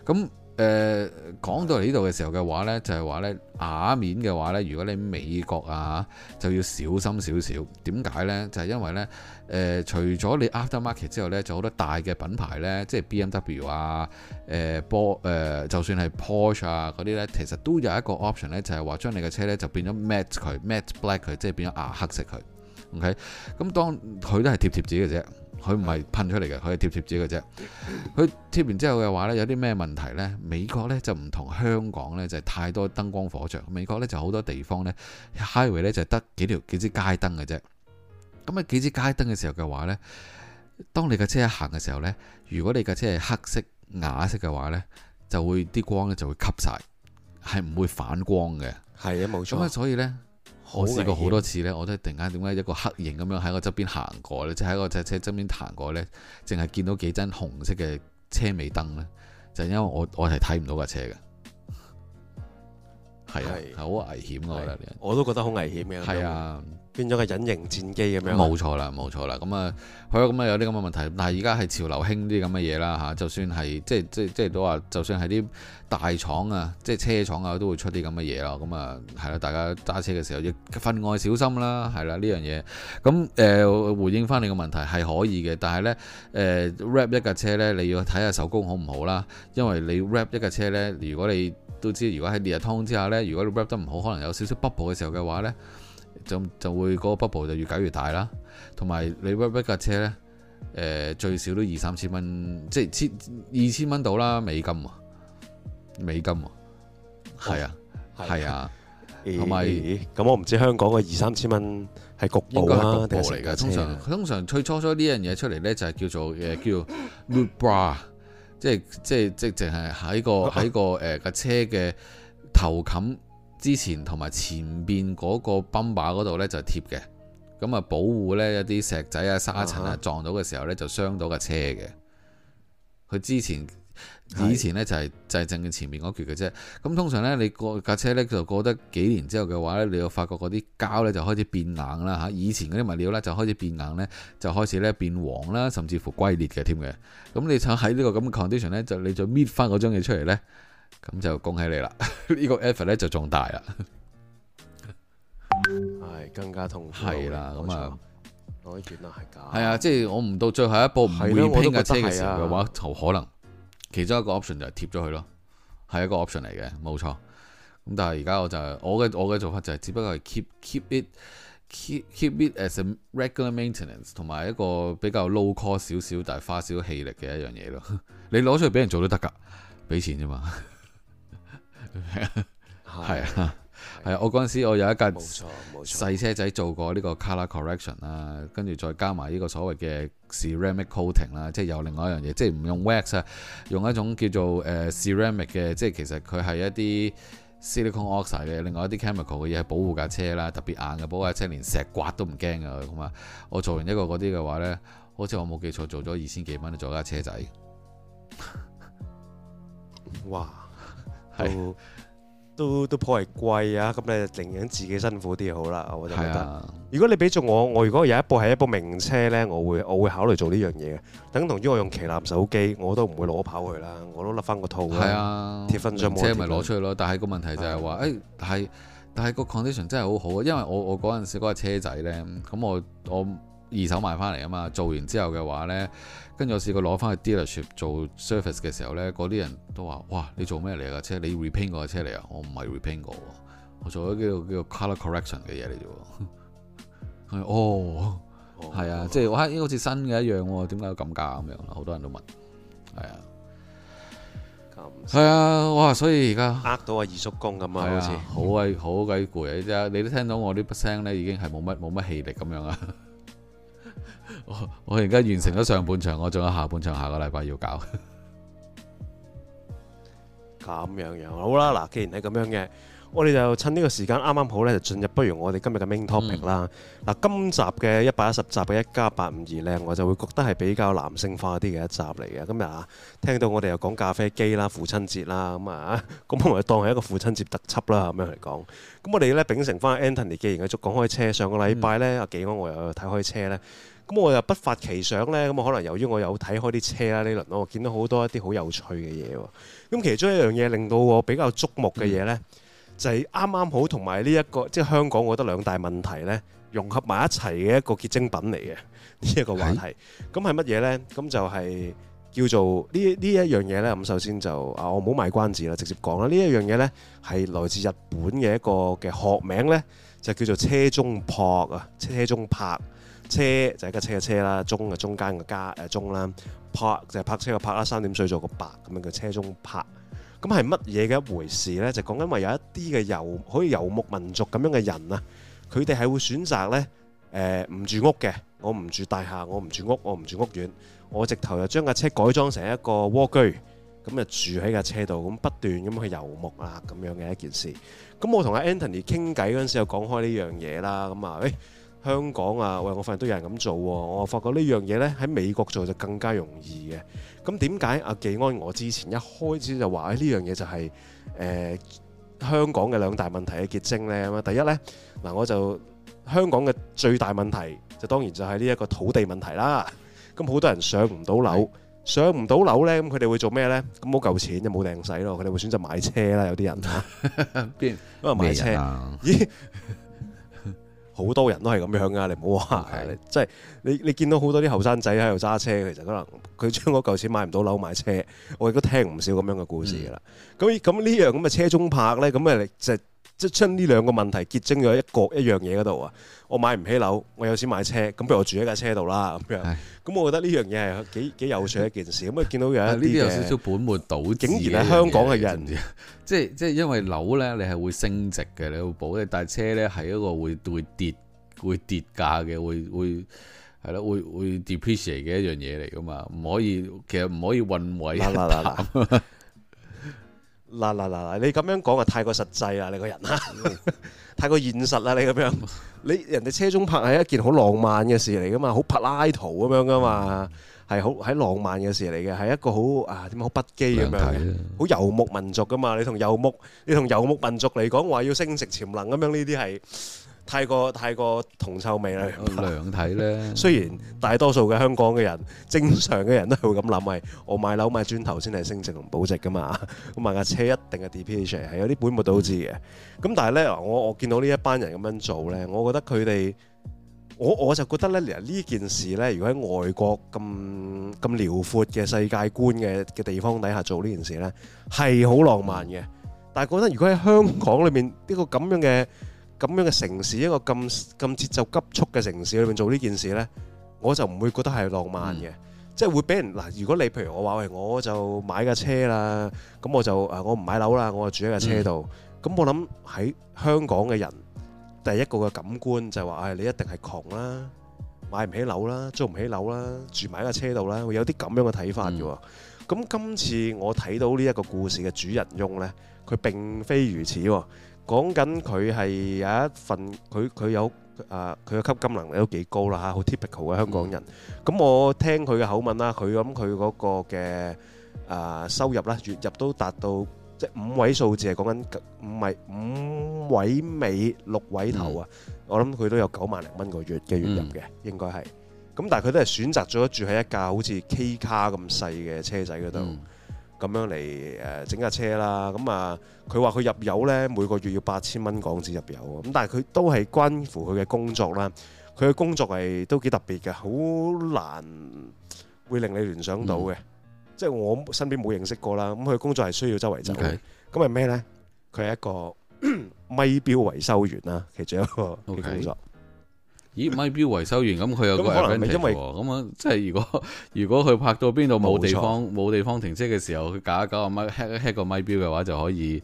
S2: 咁誒、呃、講到嚟呢度嘅時候嘅話呢，就係、是、話呢，啞面嘅話呢，如果你美國啊就要小心少少，點解呢？就係、是、因為呢，誒、呃、除咗你 aftermarket 之後呢，就好多大嘅品牌呢，即係 BMW 啊，誒、呃、波誒、呃，就算係 Porsche 啊嗰啲呢，其實都有一個 option 呢，就係、是、話將你嘅車呢，就變咗 mat 佢，mat black 佢，即係變咗啞黑色佢，OK？咁當佢都係貼貼紙嘅啫。佢唔係噴出嚟嘅，佢係貼貼紙嘅啫。佢貼完之後嘅話呢，有啲咩問題呢？美國呢就唔同香港呢，就係、是、太多燈光火著。美國呢就好多地方呢 highway 呢就得幾條幾支街燈嘅啫。咁、嗯、啊幾支街燈嘅時候嘅話呢，當你嘅車一行嘅時候呢，如果你嘅車係黑色、瓦色嘅話呢，就會啲光呢就會吸晒，係唔會反光嘅。係啊，冇錯。咁所以呢。我試過好多次呢，我都係突然間點解一個黑影咁樣喺我側邊行過呢？即係喺我隻車側邊行過呢，淨係見到幾盞紅色嘅車尾燈呢，就係因為我我係睇唔到架車嘅，係 (laughs) 啊，係好危險我覺得，我都覺得好危險嘅，係，嗯，啊。變咗個隱形戰機咁樣，冇錯啦，冇錯啦。咁、嗯、啊，好、嗯、咯，咁啊有啲咁嘅問題。但係而家係潮流興啲咁嘅嘢啦嚇，就算係即係即係即係都話，就算係啲大廠啊，即係車廠啊，都會出啲咁嘅嘢咯。咁啊係啦，大家揸車嘅時候亦分外小心啦，係啦呢樣嘢。咁、嗯、誒、嗯、回應翻你個問題係可以嘅，但係呢誒 wrap 一架車呢，你要睇下手工好唔好啦。因為你 wrap 一架車呢，如果你都知，如果喺烈日燙之下呢，如果你 wrap 得唔好，可能有少少 bubble 嘅時候嘅話呢。就就會嗰個 bubble 就越搞越大啦，同埋你 work 架車咧，誒、欸、最少都二三千蚊，即係千二千蚊到啦美金，美金，係啊係啊，同埋咁我唔知香港嘅二三千蚊係局部啊，局部嚟嘅，通常通常最初初呢樣嘢出嚟咧就係叫做誒 (laughs) 叫 rubra，即係即係即係淨係喺個喺個誒架、uh，車嘅頭冚。之前同埋前邊嗰個泵把嗰度呢，就貼嘅，咁啊保護呢，一啲石仔啊、沙塵啊撞到嘅時候呢，就傷到架車嘅。佢之前以前呢、就是，是就係正正嘅前面嗰橛嘅啫。咁通常呢，你過架車呢，就過得幾年之後嘅話呢，你又發覺嗰啲膠呢，就開始變硬啦吓。以前嗰啲物料呢，就開始變硬呢，就開始呢變黃啦，甚至乎龜裂嘅添嘅。咁你就喺呢個咁嘅 condition 呢，就你再搣翻嗰張嘢出嚟呢。咁就恭喜你啦！呢、這個 effort 咧就仲大啦，
S1: 係 (laughs) 更加痛苦。係啦的，咁啊，嗯、我見啊係咁。係啊，
S2: 即係我唔到最後一步，唔會拼架車嘅時候嘅話，的就可能其中一個 option 就係貼咗佢咯，係一個 option 嚟嘅，冇錯。咁但係而家我就我嘅我嘅做法就係只不過係 keep keep it keep keep it as a regular maintenance，同埋一個比較 low c o r e 少少，但係、就是、花少氣力嘅一樣嘢咯。 (laughs) 你攞出去俾人做都得噶，俾錢啫嘛。 (laughs) 係 (laughs) 啊，係啊，啊啊我嗰陣時我有一架細車仔做過呢個 colour correction 啦，跟住再加埋呢個所謂嘅 ceramic coating 啦，即係有另外一樣嘢，即係唔用 wax 啊，用一種叫做誒、uh, ceramic 嘅，即係其實佢係一啲 silicone oxide 嘅，另外一啲 chemical 嘅嘢係保護架車啦，特別硬嘅，保護架車連石刮都唔驚噶，咁啊，我做完一個嗰啲嘅話咧，好似我冇記錯，做咗二千幾蚊咧，做一架車仔， (laughs) 哇！對都都都頗
S1: 為貴啊！咁你寧願自己辛苦啲好啦，我就覺得。啊、如果你俾咗我，我如果有一部係一部名車咧，我會我會考慮做呢樣嘢。等同於我用旗艦手機，我都唔
S2: 會攞跑去啦，我都甩翻個套啊，貼翻張膜。車咪攞出去咯！但係個問題就係話，誒係、啊哎、但係個 condition 真係好好啊，因為我我嗰陣時嗰個車仔咧，咁我我二手買翻嚟啊嘛，做完之後嘅話咧。跟住我試過攞翻去 dealership 做 service 嘅時候咧，嗰啲人都話：哇，你做咩嚟㗎車？你 repaint 個車嚟啊？我唔係 repaint 個，我做咗叫做叫 colour correction 嘅嘢嚟啫。哦，係、哦、啊，哦、即係哇，依好似新嘅一樣喎，點解要減價咁樣好多人都問。係啊，係啊、嗯，哇！所以而家呃到阿二叔公咁啊，好似好鬼好鬼攰啊！你都聽到我啲聲咧，已經係冇乜冇乜氣力咁樣啊。我而家完成咗上半場，我仲有下半場下個禮拜要搞。
S1: 咁樣樣好啦，嗱，既然係咁樣嘅，我哋就趁呢個時間啱啱好咧，就進入不如我哋今日嘅 main topic 啦。嗱，嗯、今集嘅一百一十集嘅一加八五二咧，我就會覺得係比較男性化啲嘅一集嚟嘅。今日啊，聽到我哋又講咖啡機啦、父親節啦，咁啊，咁我咪當係一個父親節特輯啦咁樣嚟講。咁我哋咧秉承翻 Anthony 既然繼續講開車，上個禮拜呢，嗯、阿幾安我又睇開車呢。咁我又不發奇想咧，咁我可能由於我有睇開啲車啦呢輪，我見到好多一啲好有趣嘅嘢喎。咁其中一樣嘢令到我比較矚目嘅嘢咧，就係啱啱好同埋呢一個即係香港，我覺得兩大問題咧融合埋一齊嘅一個結晶品嚟嘅呢一個話題。咁係乜嘢咧？咁就係叫做呢呢一樣嘢咧。咁首先就啊，我唔好賣關子啦，直接講啦。呢一樣嘢咧係來自日本嘅一個嘅學名咧，就叫做車中泊啊，車中泊。車就係、一架車嘅車啦，中嘅中間嘅加誒中啦，泊、呃、就泊車嘅泊啦，三點水做個白，咁樣嘅車中泊，咁係乜嘢嘅一回事呢？就講緊話有一啲嘅遊，好似遊牧民族咁樣嘅人啊，佢哋係會選擇呢：呃「誒唔住屋嘅，我唔住大廈，我唔住屋，我唔住屋苑，我，苑我直頭就將架車改裝成一個窩居，咁啊住喺架車度，咁不斷咁去遊牧啊咁樣嘅一件事。咁我同阿 Anthony 傾偈嗰陣時，又講開呢樣嘢啦，咁、欸、啊～香港啊，喂！我發現都有人咁做喎。我發覺呢樣嘢咧，喺美國做就更加容易嘅。咁點解阿紀安？我之前一開始就話，誒呢樣嘢就係誒香港嘅兩大問題嘅結晶咧。咁啊，第一咧嗱，我就香港嘅最大問題就當然就係呢一個土地問題啦。咁好多人上唔到樓，上唔到樓咧，咁佢哋會做咩咧？咁冇夠錢就冇定使咯。佢哋會選擇買車啦。有啲人
S2: 邊？買車啊？
S1: 咦？好多人都係咁樣噶，你唔好話，即係 Okay. 你、即係、你，你見到好多啲後生仔喺度揸車，其實可能佢將嗰嚿錢買唔到樓買車，我亦都聽唔少咁樣嘅故事噶啦。咁咁呢樣咁嘅車中泊呢，咁誒即係。即係將呢兩個問題結晶咗一個一樣嘢嗰度啊！我買唔起樓，我有錢買車，咁譬如我住喺架車度啦咁樣。咁的我覺得呢樣嘢係幾幾有趣一件事。咁啊見到有一啲，呢啲有少少本
S2: 末倒置竟然係香港嘅人，即係即係因為樓咧，你係會升值嘅，你會保一，但係車咧係一個會會跌會跌價嘅，會會係咯，會會 depreciate 嘅一樣嘢嚟噶嘛？唔可以，其實唔可以混為一談。啦啦啦 (laughs) 嗱嗱嗱嗱！你咁樣講啊，太過實際啊，你個
S1: 人啊， (laughs) 太過現實啦！你咁樣， (laughs) 你人哋車中泊係一件好浪漫嘅事嚟噶嘛，好柏拉圖咁樣噶嘛，係好喺浪漫嘅事嚟嘅，係一個好啊，點樣好不羈咁樣，好遊牧民族噶嘛，你同遊牧，你同遊牧民族嚟講話要升值潛能咁樣呢啲係。太過太過銅臭味啦！我量睇咧，雖然大多數嘅香港嘅人，正常嘅人都係會咁諗，係我買樓買磚頭先係升值同保值噶嘛。我買架車一定係 depreciation 係有啲本末倒置嘅。咁、嗯、但係咧，我我見到呢一班人咁樣做咧，我覺得佢哋，我我就覺得咧，呢件事咧，如果喺外國咁咁遼闊嘅世界觀嘅嘅地方底下做呢件事咧，係好浪漫嘅。但係覺得如果喺香港裏面呢個咁樣嘅，咁樣嘅城市，一個咁咁節奏急促嘅城市裏面做呢件事呢，我就唔會覺得係浪漫嘅，即係會俾人嗱。如果你譬如我話，喂，我就買架車啦，咁我就誒我唔買樓啦，我就住喺架車度。咁我諗喺香港嘅人，第一個嘅感官就係話：唉，你一定係窮啦，買唔起樓啦，租唔起樓啦，住埋喺架車度啦。會有啲咁樣嘅睇法嘅喎。咁今次我睇到呢一個故事嘅主人翁呢，佢並非如此喎。講緊佢係有一份，佢佢有啊，佢嘅吸金能力都幾高啦嚇，好、啊、typical 嘅香港人。咁、嗯、我聽佢嘅口吻啦，佢咁佢嗰個嘅啊收入啦，月入都達到即五位數字，係講緊五位五位尾六位頭啊！嗯、我諗佢都有九萬零蚊個月嘅月入嘅，嗯、應該係。咁但係佢都係選擇咗住喺一架好似 K 卡咁細嘅車仔嗰度。嗯咁樣嚟誒整架車啦，咁啊佢話佢入油呢，每個月要八千蚊港紙入油，咁但係佢都係關乎佢嘅工作啦。佢嘅工作係都幾特別嘅，好難會令你聯想到嘅，即係我身邊冇認識過啦。咁佢嘅工作係需要周圍走，咁係咩呢？佢係一個咪錶維修員啦，其中一個嘅工作。
S2: 咦，咪錶維修員，咁佢有個 benefit 咁啊，即 (noise) 係如，如果如果佢拍到邊度冇地方冇沒錯 地方停車嘅時候，佢搞一九啊蚊 hack 個咪錶嘅話，就可以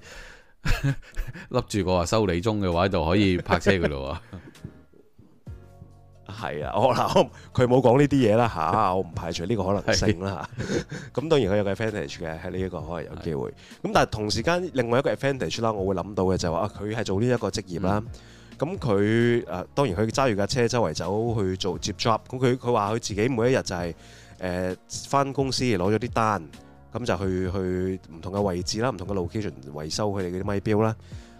S2: 笠住個話修理中嘅話就可以拍車噶咯。喎。 (laughs) (laughs) 係 (noise) 啊，我嗱
S1: 佢冇講呢啲嘢啦吓，我唔排除呢個可能性啦。咁 (noise) 是、啊、 (laughs) 當然佢有個 advantage 嘅，喺呢一個可能有機會。咁、啊、但係同時間另外一個 advantage 啦，我會諗到嘅就係話啊，佢係做呢一個職業啦。嗯咁佢誒當然佢揸住架車周圍走去做接 job，咁佢佢話佢自己每一日就係誒返公司攞咗啲單，咁就去去唔同嘅位置啦，唔同嘅 location 維修佢哋嗰啲咪錶啦，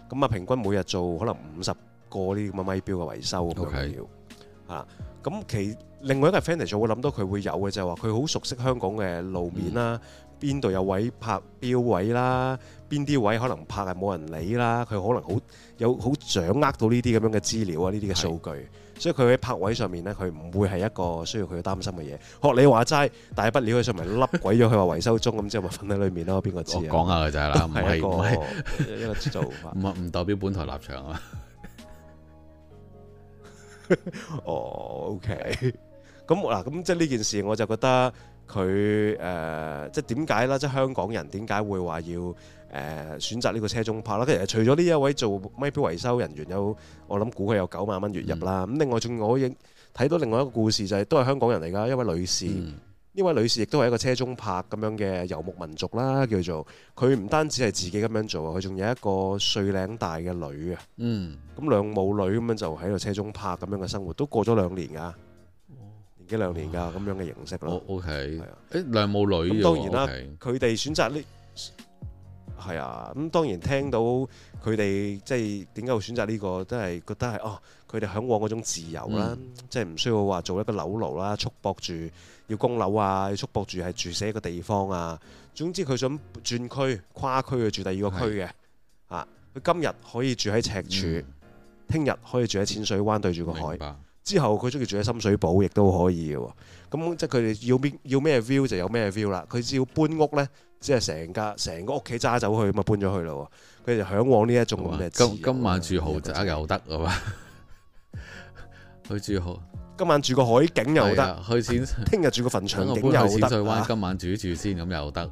S1: 咁啊平均每日做可能五十個呢啲咁嘅咪錶嘅維修咁樣樣，啊，咁其。另外一個 f a n 我會諗到佢會有嘅就係話佢好熟悉香港嘅路面啦，邊度、嗯、有位泊標位啦，邊啲位可能泊係冇人理啦，佢可能好有好掌握到呢啲咁樣嘅資料啊，呢啲嘅數據，是所以佢喺泊位上面呢，佢唔會係一個需要佢擔心嘅嘢。學你話齋，大不了佢上面笠鬼咗，佢話維修中咁 (laughs) 之後咪瞓喺裡面咯，邊個知啊？講下就係啦，唔係唔係一個做法，唔唔 (laughs) 代表本台立場啊。哦 (laughs) ，OK。咁嗱，咁即係呢件事，我就覺得佢誒即係點解啦？即係香港人點解會話要誒、呃、選擇呢個車中泊啦？其實除咗呢一位做咪錶維修人員有，我諗估佢有九萬蚊月入啦。咁、嗯、另外仲我亦睇到另外一個故事就係、是、都係香港人嚟噶，一位女士。呢、嗯、位女士亦都係一個車中泊咁樣嘅遊牧民族啦，叫做佢唔單止係自己咁樣做，佢仲有一個歲零大嘅女啊。咁兩母女咁樣就喺度車中泊咁樣嘅生活，都過咗兩年噶。一兩年噶咁樣嘅形式咯。O K，係啊。誒、okay，兩母女咁當然啦，佢哋 okay 選擇呢，係啊。咁當然聽到佢哋即係點解會選擇呢、呢個，都係覺得係哦，佢哋嚮往嗰種自由啦，即係唔需要話做一個樓奴啦，束縛住要供樓啊，要束縛住係住死一個地方啊。總之佢想轉區、跨區去住第二個區嘅的啊。佢今日可以住喺赤柱，聽日、嗯、可以住喺淺水灣對住個海。之後佢中意住喺深水埗，亦都可以嘅喎。咁即係佢哋要邊要咩 view 就有咩 view 啦。佢只要搬屋咧，即係成架成個屋企揸走去，咪搬咗去咯。佢哋就向往呢一種咩？今今
S2: 晚住豪宅又得嘅嘛？佢樣 (laughs) 住豪，
S1: 今晚住個海景又得。去先，聽日住個墳場景又得。水灣啊、
S2: 今晚住住先，咁又得。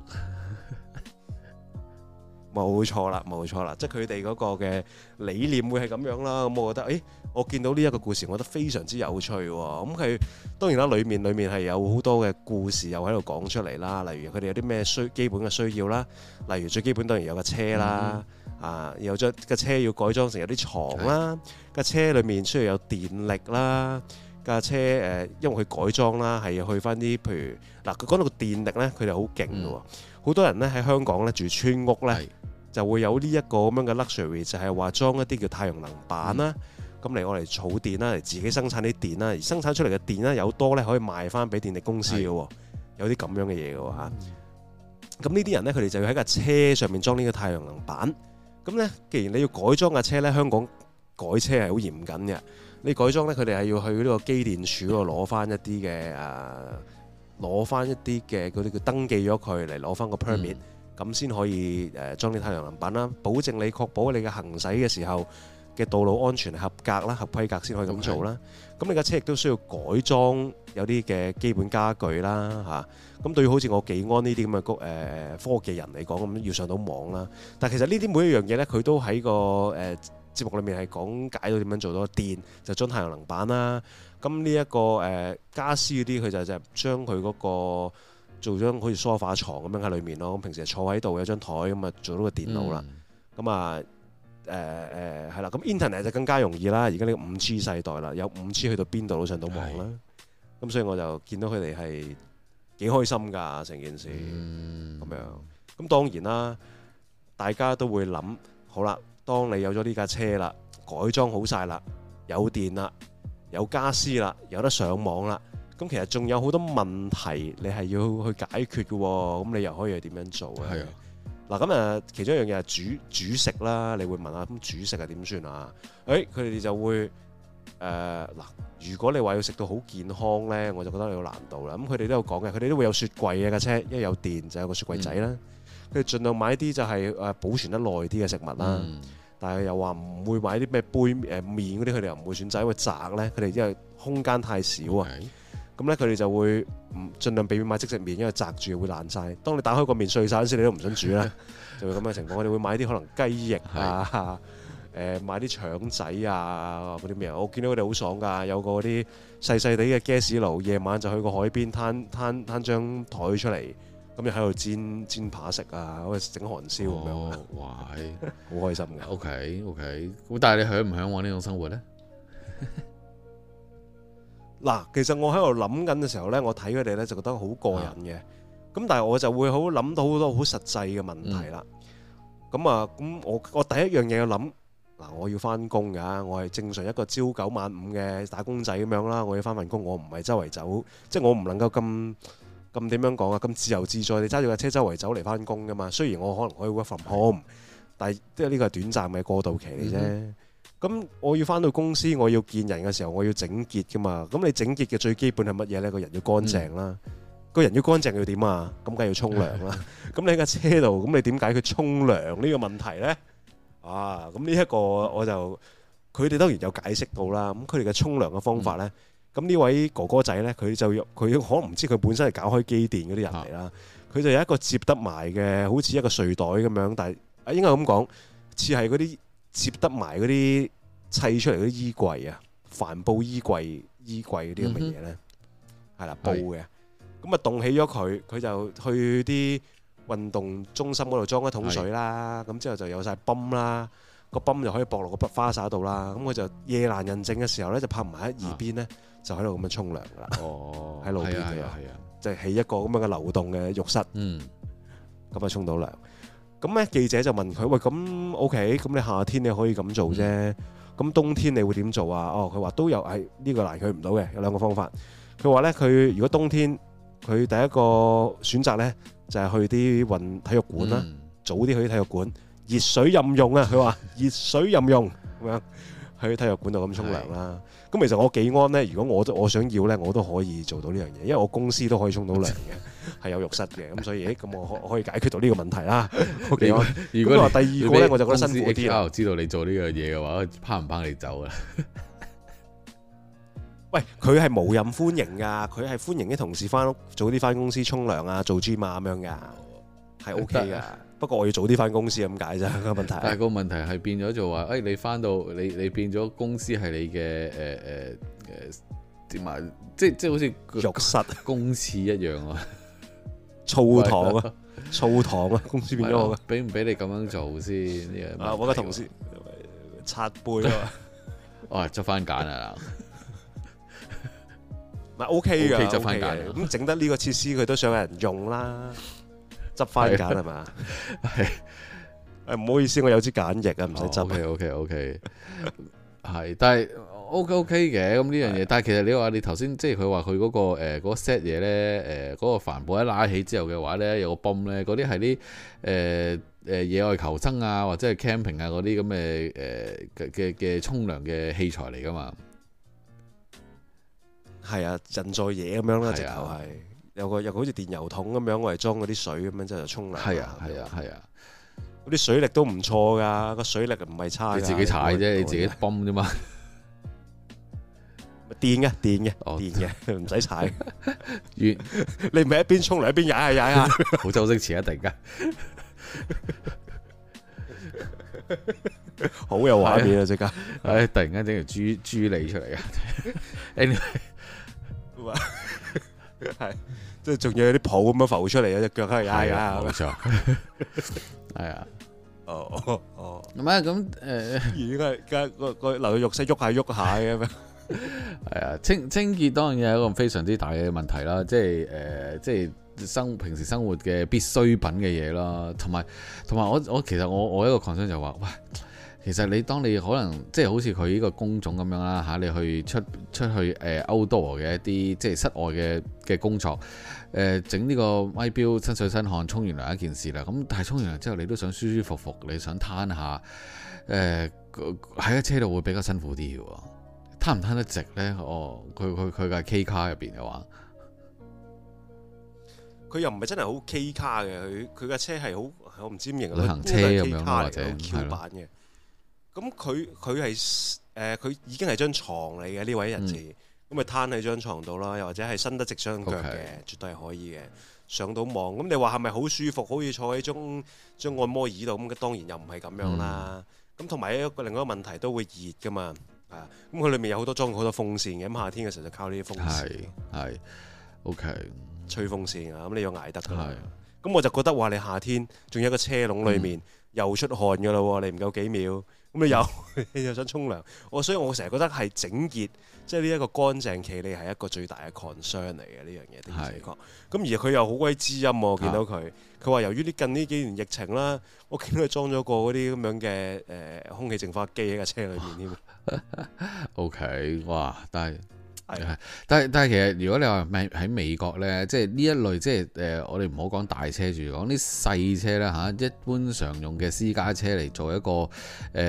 S1: 冇錯啦，冇錯啦，即係佢哋嗰個嘅理念會係咁樣啦。咁我覺得，誒，我見到呢一個故事，我覺得非常之有趣，哦。咁佢當然啦，裡面裡面係有好多嘅故事又喺度講出嚟啦。例如佢哋有啲咩需基本嘅需要啦，例如最基本當然有架車啦，嗯、啊，有咗架車要改裝成有啲床啦，架是車裡面需要有電力啦，架車誒，因為佢改裝啦，係去返啲譬如嗱，佢講到個電力呢，佢哋好勁㗎喎，好、嗯、多人呢，喺香港呢住村屋呢。就會有呢一個咁樣嘅 luxury，就係話裝一啲叫太陽能板啦，咁嚟我嚟儲電啦，嚟自己生產啲電啦，而生產出嚟嘅電啦有多咧，可以賣翻俾電力公司嘅喎，的有啲咁樣嘅嘢嘅喎嚇。咁、嗯、呢啲人咧，佢哋就要喺架車上面裝呢個太陽能板。咁咧，既然你要改裝架車咧，香港改車係好嚴謹嘅。你改裝咧，佢哋係要去呢個機電署度攞翻一啲嘅啊，攞翻一啲嘅嗰啲叫登記咗佢嚟攞翻個 permit、嗯咁先可以誒裝啲太陽能板啦，保證你確保你嘅行駛嘅時候嘅道路安全合格啦、合規格先可以咁做啦。咁你架車亦都需要改裝有啲嘅基本傢俱啦，嚇。咁對於好似我幾安呢啲咁嘅高誒科技人嚟講，咁要上到網啦。但係其實呢啲每一樣嘢呢，佢都喺個誒節目裏面係講解到點樣做到電，就裝太陽能板啦。咁呢一個誒傢俬嗰啲，佢就就將佢嗰個。做張好似梳化床咁樣喺裏面咯，咁平時坐喺度有張台咁啊，做到個電腦、嗯呃嗯、啦，咁啊誒誒係啦，咁、嗯、internet 就更加容易啦，而家呢個五 G 世代啦，有五 G 去到邊度都上到網啦，咁是的 所以我就見到佢哋係幾開心噶成件事咁、嗯、樣，咁當然啦，大家都會諗好啦，當你有咗呢架車啦，改裝好晒啦，有電啦，有家私啦，有得上網啦。咁其實仲有好多問題，你係要去解決嘅、哦。咁你又可以係點樣做咧？係啊啊，嗱咁誒，其中一樣嘢係煮煮食啦。你會問下、啊、咁煮食係點算啊？誒、欸，佢哋就會誒嗱、呃。如果你話要食到好健康咧，我就覺得你有難度啦。咁佢哋都有講嘅，佢哋都會有雪櫃嘅架車，因為有電就有個雪櫃仔啦。佢哋儘量買啲就係誒保存得耐啲嘅食物啦。嗯、但係又話唔會買啲咩杯誒麵嗰啲，佢、呃、哋又唔會選擇，因為窄咧，佢哋因為空間太少啊。Okay. 咁咧，佢哋就會唔盡量避免買即食麵，因為擲住會爛晒。當你打開個麵碎晒，嗰時，你都唔想煮啦， (laughs) 就會咁嘅情況。我哋會買啲可能雞翼啊，誒、 (laughs) 啊、買啲腸仔啊嗰啲咩我見到佢哋好爽㗎，有個嗰啲細細哋嘅 gas 爐，夜晚就去個海邊攤攤攤張枱出嚟，咁就喺度煎煎
S2: 扒食啊，或者整韓燒咁樣、哦。哇！好 (laughs) 開心嘅。OK OK。咁但係你想唔想玩呢種生活咧？ (laughs) 嗱，其實
S1: 我喺度諗緊嘅時候呢，我睇佢哋呢就覺得好過癮嘅，咁的但係我就會好諗到好多好實際嘅問題啦。咁啊、嗯，咁我我第一樣嘢要諗，嗱，我要翻工㗎，我係正常一個朝九晚五嘅打工仔咁樣啦。我要翻份工，我唔係周圍走，即係我唔能夠咁咁點樣講啊，咁自由自在你揸住架車周圍走嚟翻工㗎嘛。雖然我可能可以 work from home，的但係即係呢個係短暫嘅過渡期啫。嗯嗯咁我要返到公司，我要見人嘅時候，我要整潔噶嘛。咁你整潔嘅最基本係乜嘢咧？個人要乾淨啦。個人要乾淨要點啊？咁梗係要沖涼啦。咁你喺架車度，咁你點解要沖涼呢個問題咧？啊，咁呢一個我就佢哋當然有解釋到啦。咁佢哋嘅沖涼嘅方法咧，咁呢位哥哥仔咧，佢就佢可能唔知佢本身係搞開機電嗰啲人嚟啦。佢就有一個摺得埋嘅，好似一個睡袋咁樣，但係應該咁講，似係嗰啲。接得埋嗰啲砌出嚟嗰啲衣櫃啊，帆布衣櫃、衣櫃啲咁嘅嘢咧？係啦、嗯哼，布嘅。咁啊，凍的起咗佢，佢就去啲運動中心嗰度裝一桶水啦。咁的之後就有晒泵啦，個泵就可以駁落個筆花灑度啦。咁佢就夜闌人靜嘅時候咧，就泊埋喺一邊咧，就喺度咁樣沖涼噶啦。哦，喺 (laughs) 路邊嘅，係啊，就起一個咁樣嘅流動嘅浴室。嗯，咁啊，沖到涼。咁咧，記者就問佢：喂，咁 OK，咁你夏天你可以咁做啫。咁冬天你會點做啊？哦，佢話都有，係呢個難佢唔到嘅，有兩個方法。佢話咧，佢如果冬天，佢第一個選擇咧就係去啲運體育館啦，早啲去啲體育館，熱水任用啊！佢話熱水任用咁樣去體育館度咁沖涼啦。咁其實我幾安咧？如果我都我想要咧，我都可以做到呢樣嘢，因為我公司都可以沖到涼嘅。係有浴室嘅，咁所以，誒、欸，咁我可以解決到呢個問題啦。你如果咁話第二個咧，我就覺得辛苦
S2: 啲，知道你做呢個嘢嘅話，拋唔怕，怕你走啊？
S1: 喂，佢係無任歡迎噶，佢係歡迎啲同事翻屋，早啲翻公司沖涼啊，做 gym 啊咁樣噶，
S2: 係 O K 噶。但不過我要早啲翻公司咁解啫，個問題。但係個問題係變咗就話，誒、欸，你翻到你你變咗公司係你嘅誒誒誒，點、呃、啊、呃呃？即即，即好似浴室公廁一樣啊！室 (laughs)
S1: 澡堂啊，澡堂啊，公司變咗我嘅，
S2: 俾唔俾你咁樣做先？啊，我個同事擦背 (laughs) 啊，哇，執番、 (laughs) OK、簡啊，唔
S1: 係 OK 嘅，執番簡咁整得呢個設施，佢都想有人用啦，執番簡係嘛？
S2: 係誒，唔好意思，我有支簡易啊，唔使執。O K O K，係，但係。O K O K 嘅，咁呢、okay, okay、樣嘢。 (noise) 但係其實你話你頭先即係佢話佢嗰個嗰 set 嘢咧，誒、呃、嗰、那個呃那個帆布一拉起之後嘅話咧，有個泵咧，嗰啲係啲誒誒野外求生啊，或者係 camping 啊嗰啲咁嘅誒嘅嘅嘅沖涼嘅器材嚟噶嘛？係啊，
S1: 人在野咁樣咯，直頭係、啊、有個又好似電油桶咁樣，我嚟裝嗰啲水咁樣之後就沖涼。係啊，係啊，係啊，嗰啲水力都唔錯噶，個水力唔係差嘅。你自己踩啫，你自己泵啫嘛。 (laughs) 電嘅，電嘅，電嘅，唔使踩。你唔係一邊沖涼一邊踩下踩下！好周星馳啊，突然間，
S2: 好有畫面啊！即刻，哎，突然間整條豬豬脷出嚟啊！
S1: 咁
S2: 啊，係，
S1: 即係仲要有啲泡咁樣浮出嚟啊！隻腳喺度踩啊，冇錯，
S2: 係啊，哦哦，唔係咁誒，而家而家個個留喺浴室喐下喐下咁樣。係啊， (laughs) 清清潔當然有一個非常之大嘅問題啦，即係誒、呃，即係生平時生活嘅必需品嘅嘢啦，同埋同埋我我其實我我一個 concern 就話，喂，其實你當你可能即係好似佢呢個工種咁樣啦吓、啊，你去出出去誒 outdoor 嘅一啲即係室外嘅嘅工作，誒、呃、整呢個 mic 標，身水身汗沖完涼一件事啦，咁但係沖完涼之後你都想舒舒服服，你想攤下，誒喺個車度會比較辛苦啲嘅。攤唔攤得直咧？哦，佢佢佢架 K 卡入邊嘅話，
S1: 佢又唔係真係好 K 卡嘅，佢佢架車係好，我唔知點形容，旅行車咁樣或者嘅。咁佢佢係誒，佢是的、呃、已經係張床嚟嘅呢位人士，咁咪攤喺張床度啦，又或者係伸得直雙腳嘅，Okay. 絕對係可以嘅。上到網咁，你話係咪好舒服，可以坐喺張張按摩椅度咁？當然又唔係咁樣啦。咁同埋一個另外一個問題都會熱噶嘛。啊，咁佢、嗯、裏面有好多裝好多風扇嘅，咁、嗯、夏天嘅時候就靠呢啲風扇，係 OK 吹風扇啊，咁、嗯、你要挨得啦。咁是我就覺得話你夏天仲有個車籠裏面、嗯、又出汗噶啦，你唔夠幾秒，咁你又、嗯、 (laughs) 你又想沖涼，我所以我成日覺得係整潔。即係呢一個乾淨企理係一個最大嘅 concern 嚟嘅，呢樣嘢，確的確咁是的 而佢又好鬼滋陰喎，見到佢，佢話由於啲近呢幾年疫情啦，屋企都裝咗個嗰啲咁樣嘅誒、呃、空氣淨化機喺架車
S2: 裏邊添。 (laughs) O.K. 哇，但係。係係，但係但係其實如果你話，喺美國咧，即係呢一類，即係誒、呃、我哋唔好講大車住，講啲細車啦吓、啊，一般常用嘅私家車嚟做一個誒誒、呃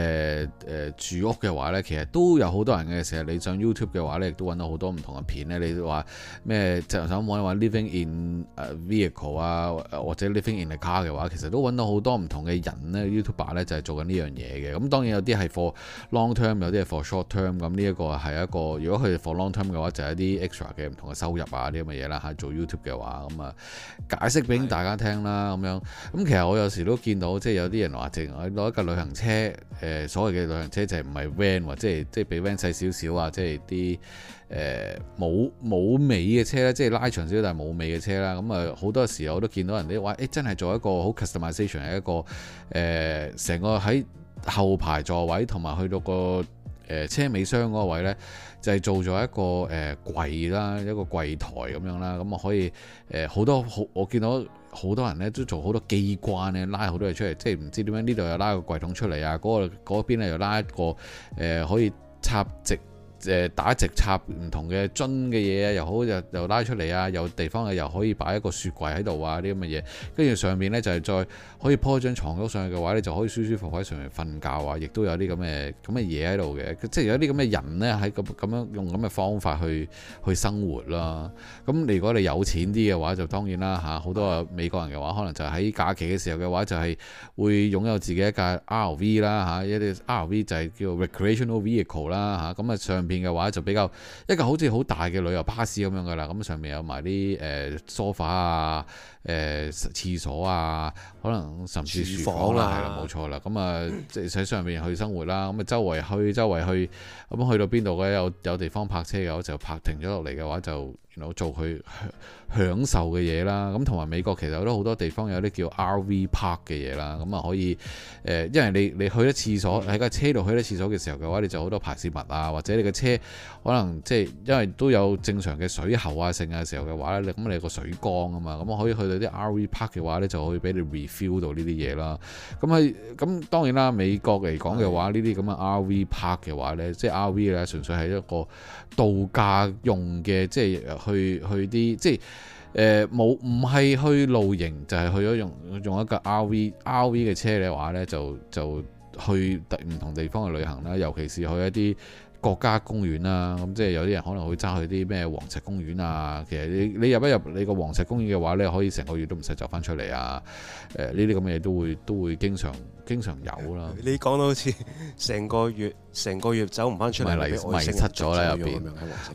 S2: 呃、住屋嘅話咧，其實都有好多人嘅。成日你上 YouTube 嘅話咧，亦都揾到好多唔同嘅片咧。你話咩？就上網話 living in 誒 vehicle 啊，或者 living in a car 嘅話，其實都揾到好多唔同嘅人咧。Mm hmm. YouTuber 咧就係做緊呢樣嘢嘅。咁當然有啲係 for long term，有啲係 for short term。咁呢一個係一個，如果佢哋 for long term 嘅話就係一啲 extra 嘅唔同嘅收入啊，啲咁嘅嘢啦嚇，做 YouTube 嘅話咁啊、嗯，解釋俾大家聽啦咁是的 樣。咁其實我有時都見到，即係有啲人話淨攞一架旅行車，誒、呃、所謂嘅旅行車就係唔係 van 或即係即係比 van 細少少啊，即係啲誒冇冇尾嘅車啦，即係拉長少但係冇尾嘅車啦。咁啊好多時候我都見到人哋話，誒、欸、真係做一個好 customization 嘅一個誒，成、呃、個喺後排座位同埋去到個。誒車尾箱嗰位呢，就係做咗一個誒櫃啦，一個櫃台咁樣啦，咁啊可以誒好多好，我見到好多人呢，都做好多機關呢，拉好多嘢出嚟，即係唔知點樣呢度又拉個櫃桶出嚟啊，嗰個嗰邊咧又拉一個誒可以插直。誒打直插唔同嘅樽嘅嘢啊，又好又又拉出嚟啊，有地方啊又可以擺一個雪櫃喺度啊，啲咁嘅嘢，跟住上面咧就係、是、再可以鋪一張牀褥上去嘅話，你就可以舒舒服服喺上面瞓覺啊，亦都有啲咁嘅咁嘅嘢喺度嘅，即係有啲咁嘅人咧喺咁咁樣用咁嘅方法去去生活啦。咁你如果你有錢啲嘅話，就當然啦吓，好多美國人嘅話可能就喺假期嘅時候嘅話，就係、是、會擁有自己一架 RV 啦吓，一啲 RV 就係叫 recreational vehicle 啦吓。咁啊上。片嘅話就比較一個好似好大嘅旅遊巴士咁樣噶啦，咁上面有埋啲誒梳化啊，誒、呃、廁所啊，可能甚至廚房啦、啊，係啦，冇錯啦，咁啊即係喺上面去生活啦，咁啊周圍去周圍去，咁去，去，去到邊度嘅？有有地方泊車嘅，我就泊停咗落嚟嘅話就。做佢享受嘅嘢啦，咁同埋美國其實都好多地方有啲叫 RV park 嘅嘢啦，咁啊可以誒、呃，因為你你去咗廁所喺架車度去咗廁所嘅時候嘅話，你就好多排泄物啊，或者你嘅車可能即係因為都有正常嘅水喉啊性嘅時候嘅話咧，咁你，你個水缸啊嘛，咁可以去到啲 RV park 嘅話咧，就可以俾你 refill 到呢啲嘢啦。咁係咁當然啦，美國嚟講嘅話，嗯、這這話呢啲咁嘅 RV park 嘅話咧，即係 RV 咧，純粹係一個度假用嘅即係。去去啲即係，誒冇唔係去露營，就係、是、去咗用用一個 R V R V 嘅車嘅話呢，就就去唔同地方去旅行啦，尤其是去一啲國家公園啦、啊，咁即係有啲人可能會揸去啲咩黃石公園啊，其實你你入一入你個黃石公園嘅話咧，你可以成個月都唔使走翻出嚟啊，誒呢啲咁嘅嘢都會都會經常。經常有啦，你講到好似成個月，成個月走唔翻出嚟，迷失咗啦入邊。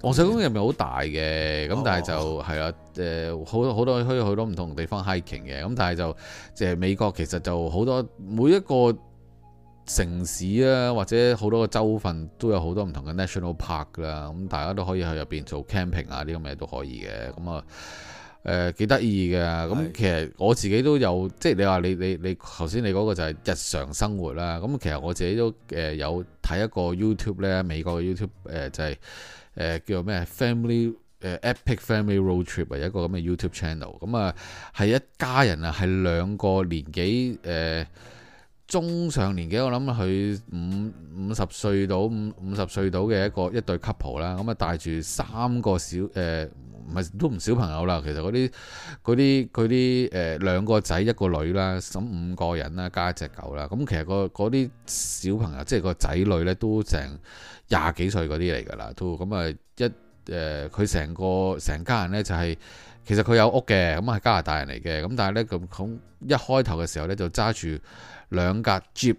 S2: 黃石公園入面好大嘅，咁但係就係啦，誒，好多好多，好多唔同地方 hiking 嘅，咁但係就即係美國其實就好多每一個城市啊，或者好多個州份都有好多唔同嘅 national park 啦，咁大家都可以去入邊做 camping 啊，啲咁嘢都可以嘅，咁啊。誒幾得意嘅，咁的其實我自己都有，即係你話你你你頭先你嗰個就係日常生活啦。咁其實我自己都誒有睇一個 YouTube 咧，美國嘅 YouTube 誒、呃、就係、是呃、叫做咩 Family 誒、呃、Epic Family Road Trip 啊，一個咁嘅 YouTube channel、嗯。咁啊係一家人啊，係兩個年紀誒、呃、中上年紀，我諗佢五五十歲到五五十歲到嘅一個一對 couple 啦，咁啊帶住三個小誒。呃唔係都唔小朋友啦，其實嗰啲啲啲誒兩個仔一個女啦，咁五個人啦加一隻狗啦，咁、嗯、其實個嗰啲小朋友即係個仔女呢，都成廿幾歲嗰啲嚟㗎啦，都咁啊、嗯、一誒佢成個成家人呢，就係、是、其實佢有屋嘅，咁、嗯、係加拿大人嚟嘅，咁、嗯、但係呢，咁、嗯、一開頭嘅時候呢，就揸住兩格，j ip,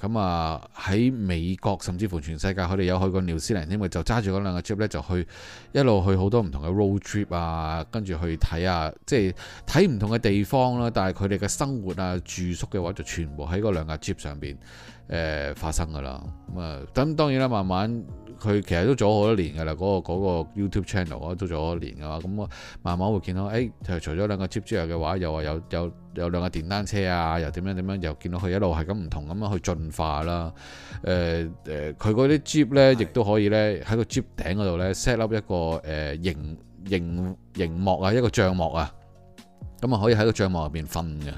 S2: 咁啊喺美國甚至乎全世界，佢哋有去過紐西蘭，因為就揸住嗰兩個 trip 咧，就去一路去好多唔同嘅 road trip 啊，跟住去睇下，即係睇唔同嘅地方啦。但係佢哋嘅生活啊、住宿嘅話，就全部喺嗰兩個 trip 上邊。誒、呃、發生㗎啦，咁、嗯、啊，咁當然啦，慢慢佢其實都做咗好多年㗎啦，嗰、那個、那個、YouTube channel 啊，都做咗好多年㗎嘛，咁、嗯、慢慢會見到，誒、欸，除咗兩個 Jeep 之外嘅話，又話有有有，有兩個電單車啊，又點樣點樣，又見到佢一路係咁唔同咁樣去進化啦，誒、呃、誒，佢嗰啲 Jeep 咧，亦都的可以咧喺個 Jeep 頂嗰度咧 set up 一個誒螢螢螢幕啊，一個帳幕啊，咁啊可以喺個帳幕入邊瞓嘅，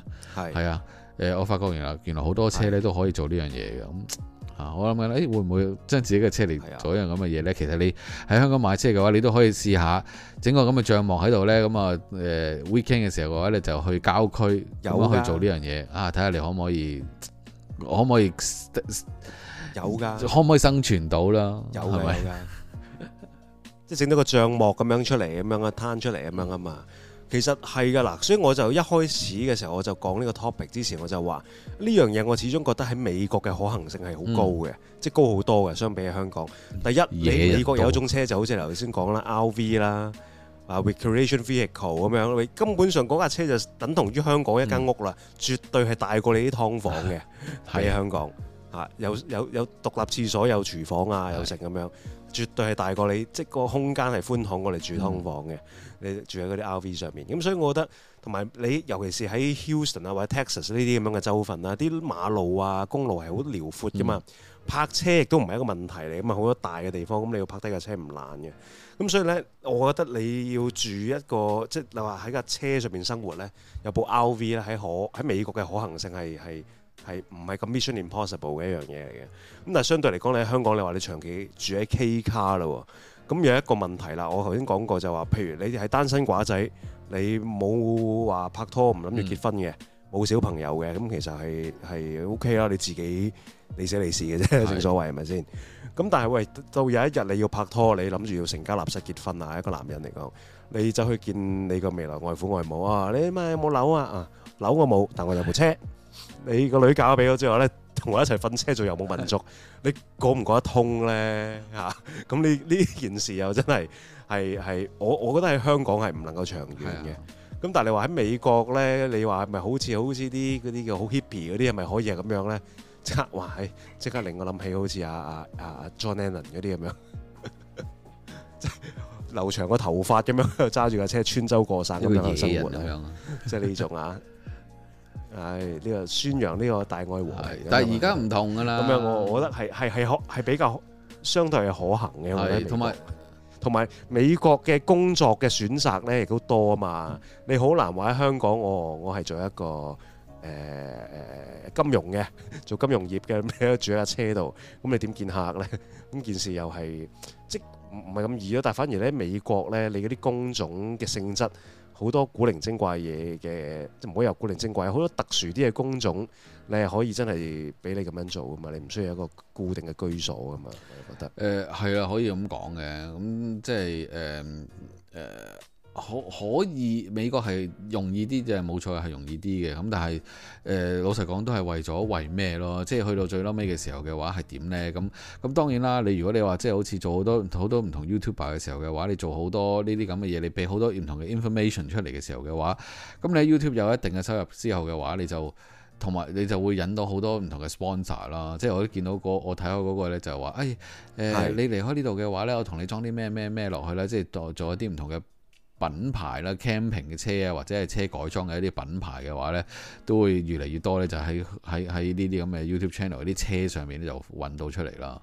S2: 係啊的。的誒、呃，我發覺原來原來好多車咧都可以做呢樣嘢嘅咁嚇，我諗緊誒會唔會將自己嘅車嚟做一樣咁嘅嘢咧？其實你喺香港買車嘅話，你都可以試下整個咁嘅帳幕喺度咧，咁、呃、啊誒 weekend 嘅時候嘅話咧就去郊區有的去做呢樣嘢啊，睇下你可唔可以，可唔可以？有㗎的，可唔可以生存到啦的？有㗎，係咪？ (laughs) 㗎，即係整到個帳幕咁樣出嚟，咁樣
S1: 啊攤出嚟，咁樣啊嘛。其實係㗎啦，所以我就一開始嘅時候我就講呢個 topic 之前我就話呢樣嘢，我始終覺得喺美國嘅可行性係好高嘅，嗯、即係高好多嘅，相比喺香港。第一，你美國有一種車就好似頭先講啦，RV 啦、啊，啊 Rec recreation vehicle 咁樣，你根本上嗰架車就等同於香港一間屋啦，嗯、絕對係大過你啲劏房嘅喺、啊、香港。啊！有有有獨立廁所，有廚房啊，有成咁樣，絕對係大過你，即係個空間係寬敞過你住通房嘅。嗯、你住喺嗰啲 RV 上面，咁所以我覺得，同埋你尤其是喺 Houston 啊或者 Texas 呢啲咁樣嘅州份啦，啲馬路啊公路係好遼闊嘅嘛，嗯、泊車亦都唔係一個問題嚟，咁啊好多大嘅地方，咁你要泊低架車唔難嘅。咁所以咧，我覺得你要住一個即係你話喺架車上面生活咧，有部 RV 咧喺可喺美國嘅可行性係係。係唔係咁 Mission impossible 嘅一樣嘢嚟嘅？咁但係相對嚟講，你喺香港，你話你長期住喺 K 卡啦，咁有一個問題啦。我頭先講過就話，譬如你係單身寡仔，你冇話拍拖，唔諗住結婚嘅，冇、嗯、小朋友嘅，咁其實係係 OK 啦。你自己你死你事嘅啫，的正所謂係咪先？咁但係喂，到有一日你要拍拖，你諗住要成家立室結婚啊，一個男人嚟講，你就去見你個未來外父外母啊，你咪有冇樓啊，啊？樓我冇，但我有部車。你個女嫁咗俾我之後咧，同我一齊瞓車做又冇民族，你過唔過得通咧嚇？咁你呢件事又真係係係，我我覺得喺香港係唔能夠長遠嘅。咁但係你話喺美國咧，你話係咪好似好似啲嗰啲叫好 hippy 嗰啲係咪可以係咁樣咧？即刻嘩，即刻令我諗起好似阿阿阿 John Lennon 嗰啲咁樣，即係留長個頭髮咁樣，揸住架車穿州過省咁樣嘅生活啊，即係呢種啊！係呢、哎呢個宣揚呢個大愛和，但係而家唔同㗎啦。咁樣我我覺得係係係可係比較相對係可行嘅。係同埋同埋美國嘅有工作嘅選擇咧亦都多啊嘛。你好難話喺香港我我係做一個誒誒、呃、金融嘅做金融業嘅，咩都住喺架車度，咁你點見客咧？咁件事又係即。唔唔係咁易咯，但係反而咧美國咧，你嗰啲工種嘅性質好多古靈精怪嘢嘅，即唔可以有古靈精怪，好多特殊啲嘅工種，你係可以真係俾你咁樣做噶嘛，你唔需要一個固定嘅居所噶
S2: 嘛，我覺得。誒係、呃、啊，可以咁講嘅，咁、嗯、即係誒誒。呃呃可可以美國係容易啲，就係冇錯係容易啲嘅，咁但係誒、呃、老實講都係為咗為咩咯？即係去到最嬲尾嘅時候嘅話係點呢？咁咁當然啦，你如果你話即係好似做好多好多唔同 YouTube 嘅時候嘅話，你做好多呢啲咁嘅嘢，你俾好多唔同嘅 information 出嚟嘅時候嘅話，咁你喺 YouTube 有一定嘅收入之後嘅話，你就同埋你就會引到好多唔同嘅 sponsor 啦。即係我見到、嗰個我睇開嗰個咧就話、是：誒、哎、誒，呃、的你離開呢度嘅話呢，我同你裝啲咩咩咩落去呢？即係做做一啲唔同嘅。品牌啦，camping 嘅車啊，或者係車改裝嘅一啲品牌嘅話呢，都會越嚟越多呢就喺喺喺呢啲咁嘅 YouTube channel 嗰啲車上面呢，就揾到出嚟啦。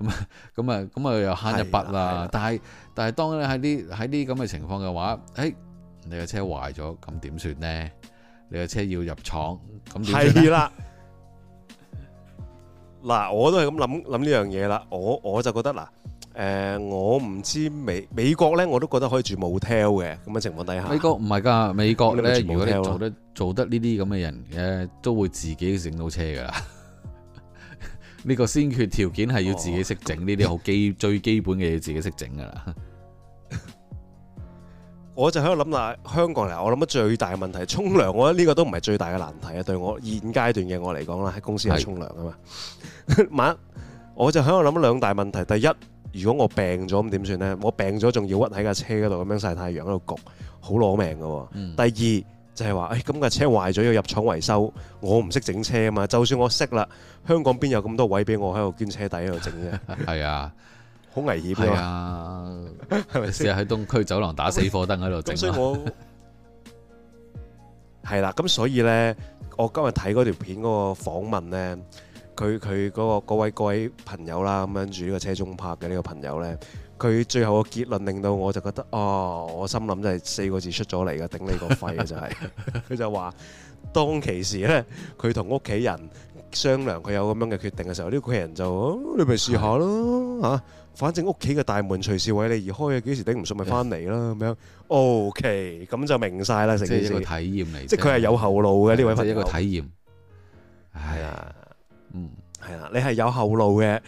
S2: 咁啊，咁啊，咁啊，又慳一筆啦。但係但係，當你喺啲喺啲咁嘅情況嘅話，誒、哎，你個車壞咗，咁點算呢？你個車要入廠，咁係啦。嗱的，我都係咁諗諗呢樣嘢啦，
S1: 我我,我就覺得嗱。啦誒、呃，我唔知美美國咧，我都覺得可以住冇 o t e
S2: l 嘅咁嘅情況底下美。美國唔係噶，美國咧如果你做得做得呢啲咁嘅人，誒，都會自己整到車噶啦。呢 (laughs) 個先決條件係要自己識整呢啲好基最基本嘅嘢，自己識整噶啦。
S1: 我就喺度諗下香港嚟，我諗咗最大嘅問題係沖涼。我得呢個都唔係最大嘅難題啊！對我現階段嘅我嚟講啦，喺公司係沖涼啊嘛。晚的， (laughs) (laughs) 我就喺度諗兩大問題，第一。如果我病咗咁點算呢？我病咗仲要屈喺架車嗰度咁樣曬太陽喺度焗，好攞命㗎。嗯、第二就係、是、話，哎，咁架車壞咗要入廠維修，我唔識整車啊嘛。就算我識啦，香港邊有咁多位俾我喺度捐車底喺度整啫？係 (laughs) 啊，好危險啊！係咪先？成日喺東區走廊打死火燈喺度整啦。係啦，咁所以呢，我今日睇嗰條片嗰個訪問咧。佢佢嗰位位朋友啦，咁樣住呢個車中泊嘅呢個朋友咧，佢最後嘅結論令到我就覺得，哦，我心諗就係四個字出咗嚟嘅，頂你個肺嘅就係、係，佢 (laughs) 就話當其時咧，佢同屋企人商量，佢有咁樣嘅決定嘅時候，呢個屋企人就、啊、你咪試下咯嚇，的反正屋企嘅大門隨時為你而開嘅，幾時頂唔順咪翻嚟啦咁的樣。OK，咁就明晒啦，成件事。即係一個體
S2: 驗嚟。即係佢係有後路嘅呢位朋友。即係一個體
S1: 驗。係啊。的嗯，係啊，你係有後路嘅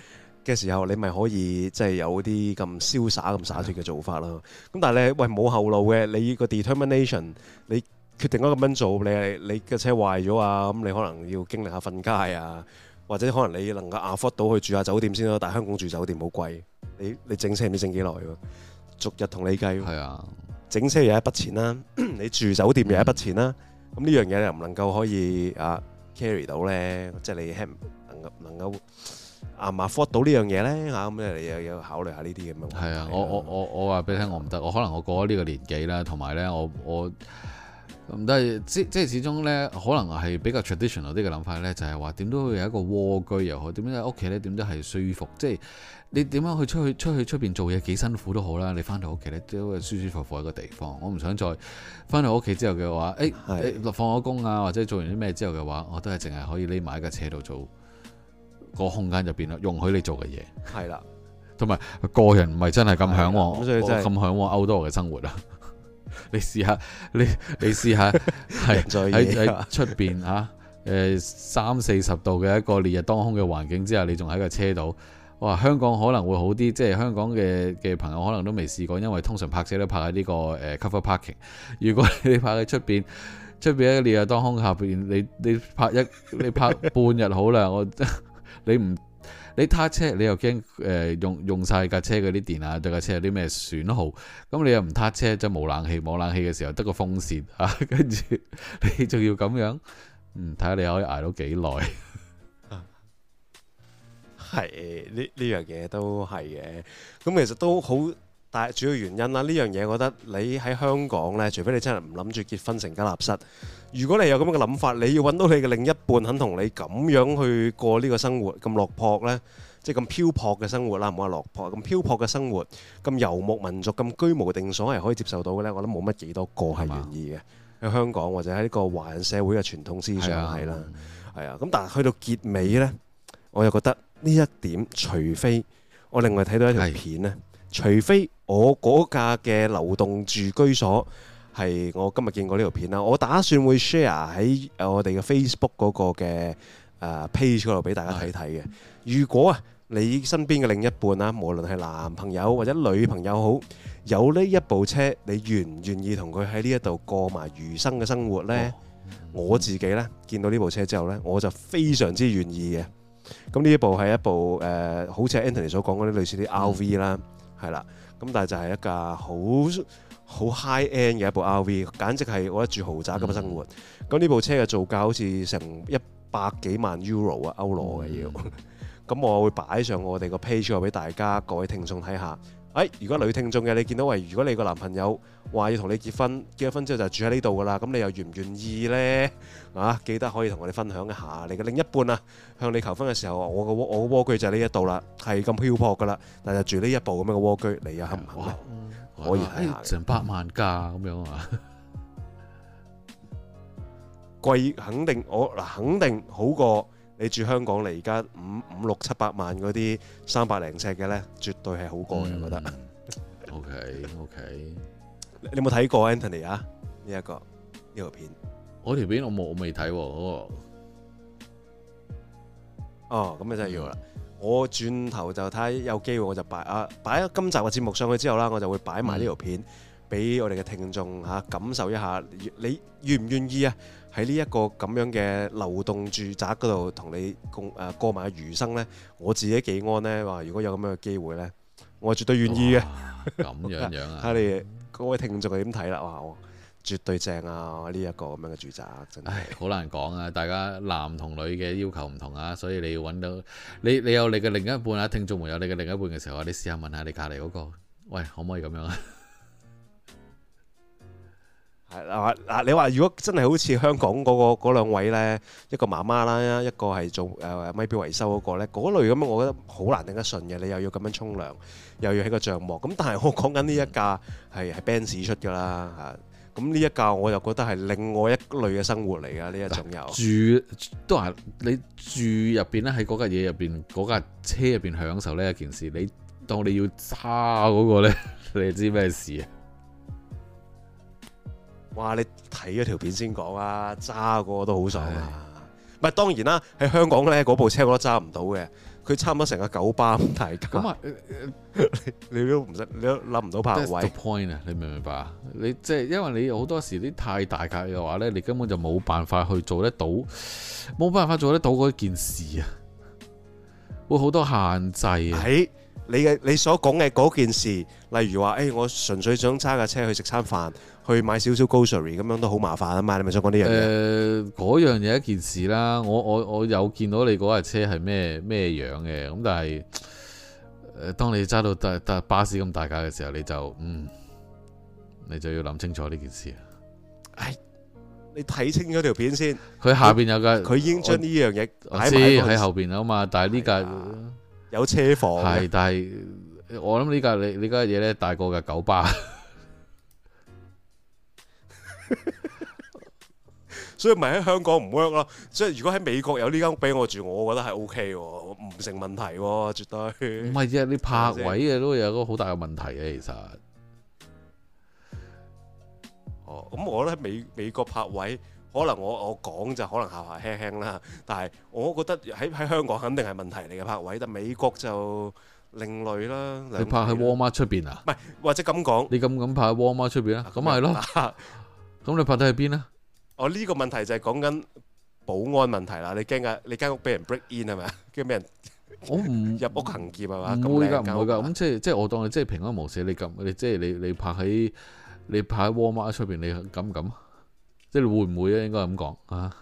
S1: 嘅時候，你咪可以即係有啲咁瀟灑咁灑脫嘅做法咯。咁但係你喂冇後路嘅，你個 determination，你決定咗咁樣做，你係你個車壞咗啊，咁你可能要經歷下瞓街啊，或者可能你能夠 afford 到去住下酒店先咯。但係香港住酒店好貴，你你整車唔知整幾耐喎，逐日同你計。係啊，整車又一筆錢啦，你住酒店又一筆錢啦，咁呢樣嘢又唔能夠可以啊。carry 到咧，即係你 c a 能夠能夠啊 match 到呢樣嘢
S2: 咧嚇，咁咧你又要考慮下呢啲咁樣，係啊！我我我我話俾你聽，我唔得，我可能我過咗呢個年紀啦，同埋咧我我咁都係，即即係始終咧，可能係比較 traditional 啲嘅諗法咧，就係話點都會有一個窩居又好，點樣喺屋企咧點都係舒服，即係。你點樣去出去出去出邊做嘢幾辛苦都好啦，你翻到屋企咧都係舒舒服服一個地方。我唔想再翻到屋企之後嘅話，誒、哎是的 哎，放咗工啊，或者做完啲咩之後嘅話，我都係淨係可以匿埋喺架車度做個空間入邊啦，容許你做嘅嘢。係啦是的，同埋個人唔係真係咁嚮往，咁嚮往歐多嘅生活啦。 (laughs) 你試下，你你試下，係喺出邊嚇，誒三四十度嘅一個烈日當空嘅環境之下，你仲喺架車度。哇，香港可能會好啲，即係香港嘅嘅朋友可能都未試過，因為通常泊車都泊喺呢、這個誒、呃、cover parking。如果你泊喺出邊，出邊咧你又當空下邊，你你泊一你泊半日好啦。我 (laughs) 你唔你撻車，你又驚誒、呃、用用曬架車嗰啲電啊，對架車有啲咩損耗？咁你又唔撻車，即係冇冷氣，冇冷氣嘅時候得個風扇嚇，跟、啊、住你仲要咁樣，嗯睇下你可以挨到幾耐。 (laughs) 係呢呢樣
S1: 嘢都係嘅，咁、嗯、其實都好大主要原因啦。呢樣嘢，我覺得你喺香港呢，除非你真係唔諗住結婚成家立室。如果你有咁嘅諗法，你要揾到你嘅另一半肯同你咁樣去過呢個生活，咁落魄呢，即係咁漂泊嘅生活啦，唔好話落魄，咁漂泊嘅生活，咁遊牧民族咁居無定所係可以接受到嘅呢。我諗冇乜幾多個係願意嘅喺吧香港，或者喺呢個華人社會嘅傳統思想係啦，係啊。咁、啊啊、但係去到結尾呢，我又覺得。呢一點，除非我另外睇到一條片咧，是除非我嗰架嘅流動住居所係我今日見過呢條片啦，我打算會 share 喺我哋嘅 Facebook 嗰個嘅、呃、page 嗰度俾大家睇睇嘅。是如果啊，你身邊嘅另一半啊，無論係男朋友或者女朋友好，有呢一部車，你願唔願意同佢喺呢一度過埋餘生嘅生活呢？哦、我自己呢，見到呢部車之後呢，我就非常之願意嘅。咁呢一部係一部誒、呃，好似 Anthony 所講嗰啲類似啲 RV 啦，係啦，咁但係就係一架好好 high-end 嘅一部，部 RV，簡直係我住豪宅咁生活。咁呢、嗯、部車嘅造價好似成一百幾萬 Euro 啊歐羅嘅要，咁、嗯、 (laughs) 我會擺上我哋個 page 俾大家各位聽眾睇下。哎，如果女聽眾嘅，你見到喂，如果你個男朋友話要同你結婚，結咗婚之後就住喺呢度噶啦，咁你又願唔願意呢？啊，記得可以同我哋分享一下你嘅另一半啊，向你求婚嘅時候，我嘅窩，我嘅蝸居就係呢一度啦，係咁漂泊噶啦，但係住呢一部咁樣嘅蝸居，你又肯唔肯？嗯、可以啊，成、嗯、百萬家咁樣啊，貴 (laughs) 肯定，我嗱肯定好過。你住香港嚟，而家五五六七百萬嗰啲三百零尺嘅咧，絕對係好過嘅，我覺得。 (laughs) OK OK，你有冇睇過 Anthony 啊？呢、這、一個呢、條片？我條片我冇，我未睇喎哦，咁你真係要啦。嗯、我轉頭就睇有機會，我就擺啊擺咗今集嘅節目上去之後啦，我就會擺埋呢條片，俾我哋嘅聽眾嚇感受一下，你願唔願意啊？喺呢一個咁樣嘅流動住宅嗰度同你共誒過埋餘生呢？我自己幾安呢，話，如果有咁樣嘅機會呢？我絕對願意嘅。咁樣、哦、樣啊！睇 (laughs) 你各位聽眾點
S2: 睇啦！哇，絕對正啊！呢一個咁樣嘅住宅真係好難講啊！大家男同女嘅要求唔同啊，所以你要揾到你你有你嘅另一半啊，聽眾冇有你嘅另一半嘅時候，你試下問下你隔離嗰個，喂，可唔可以咁樣啊？
S1: 係啦，嗱，你話如果真係好似香港嗰、那個嗰兩位咧，一個媽媽啦，一個係做誒咪錶維修嗰個咧，嗰類咁樣，我覺得好難頂得順嘅。你又要咁樣沖涼，又要喺個帳幕，咁但係我講緊呢一架係係 Benz 出㗎啦，
S2: 嚇！咁呢一架我又覺得係另外一類嘅生活嚟㗎，呢一、啊、種又住都係你住入邊咧，喺嗰架嘢入邊，嗰、那、架、個、車入邊享受呢一件事，你當你要揸嗰、那個咧， (laughs) 你知咩事啊？哇！你睇咗條片先講啊，揸個都好爽啊。
S1: 唔係的當然啦，喺香港咧嗰部車我都揸唔到嘅。佢差唔多成個九巴咁大。咁啊，
S2: 你都唔識，你都諗唔到拍位。That's the point 啊！你明唔明白啊？你即係因為你好多時啲太大架嘅話咧，你根本就冇辦法去做得到，冇辦法做得到嗰件事啊。會好多限制啊！你
S1: 嘅你所講嘅嗰件事，例如話誒、欸，我純粹想揸架車去食餐飯。去買少少 grocery 咁樣都好麻煩啊嘛，呃、你咪想講呢、呃、樣嘢？誒，
S2: 嗰樣嘢一件事啦，我我我有見到你嗰架車係咩咩樣嘅，咁但係，誒、呃，當你揸到大大、大巴士咁大架嘅時候，你就嗯，你就要諗清楚呢件事。哎，你睇清咗條片先。佢下邊有架，佢已經將呢樣嘢，我知喺後邊啊嘛，但係呢架有車房。係，但係我諗呢架你呢架嘢咧大過嘅九巴。 (laughs) 所以咪喺香港唔 work 咯，即
S1: 係如果喺美國有呢間屋俾我住，我覺得係 OK 嘅，唔成問題，絕對唔係即
S2: 係。你泊位嘅都有個好大嘅問題啊，其實。
S1: 哦，咁我覺得喺美美國泊位，可能我我講就可能下下輕輕啦，但係我覺得喺喺香港肯定係問題嚟嘅泊位，但係美國就另類啦。你泊喺沃
S2: 爾瑪出邊啊？唔係，或者咁講，你敢敢泊喺沃爾瑪出邊啊？咁係咯。咁你拍得去邊呢？
S1: 我呢個問題就係講緊保安問題啦。你驚噶？你間屋俾人 break in 係咪啊？跟咩人？我唔入屋行劫啊嘛。唔會噶，唔會噶。
S2: 咁即係即係我當你即係平安無事。你咁？你即係你你拍喺你拍喺 Walmart 出邊？你敢唔敢啊？即係會唔會咧？應該咁講啊？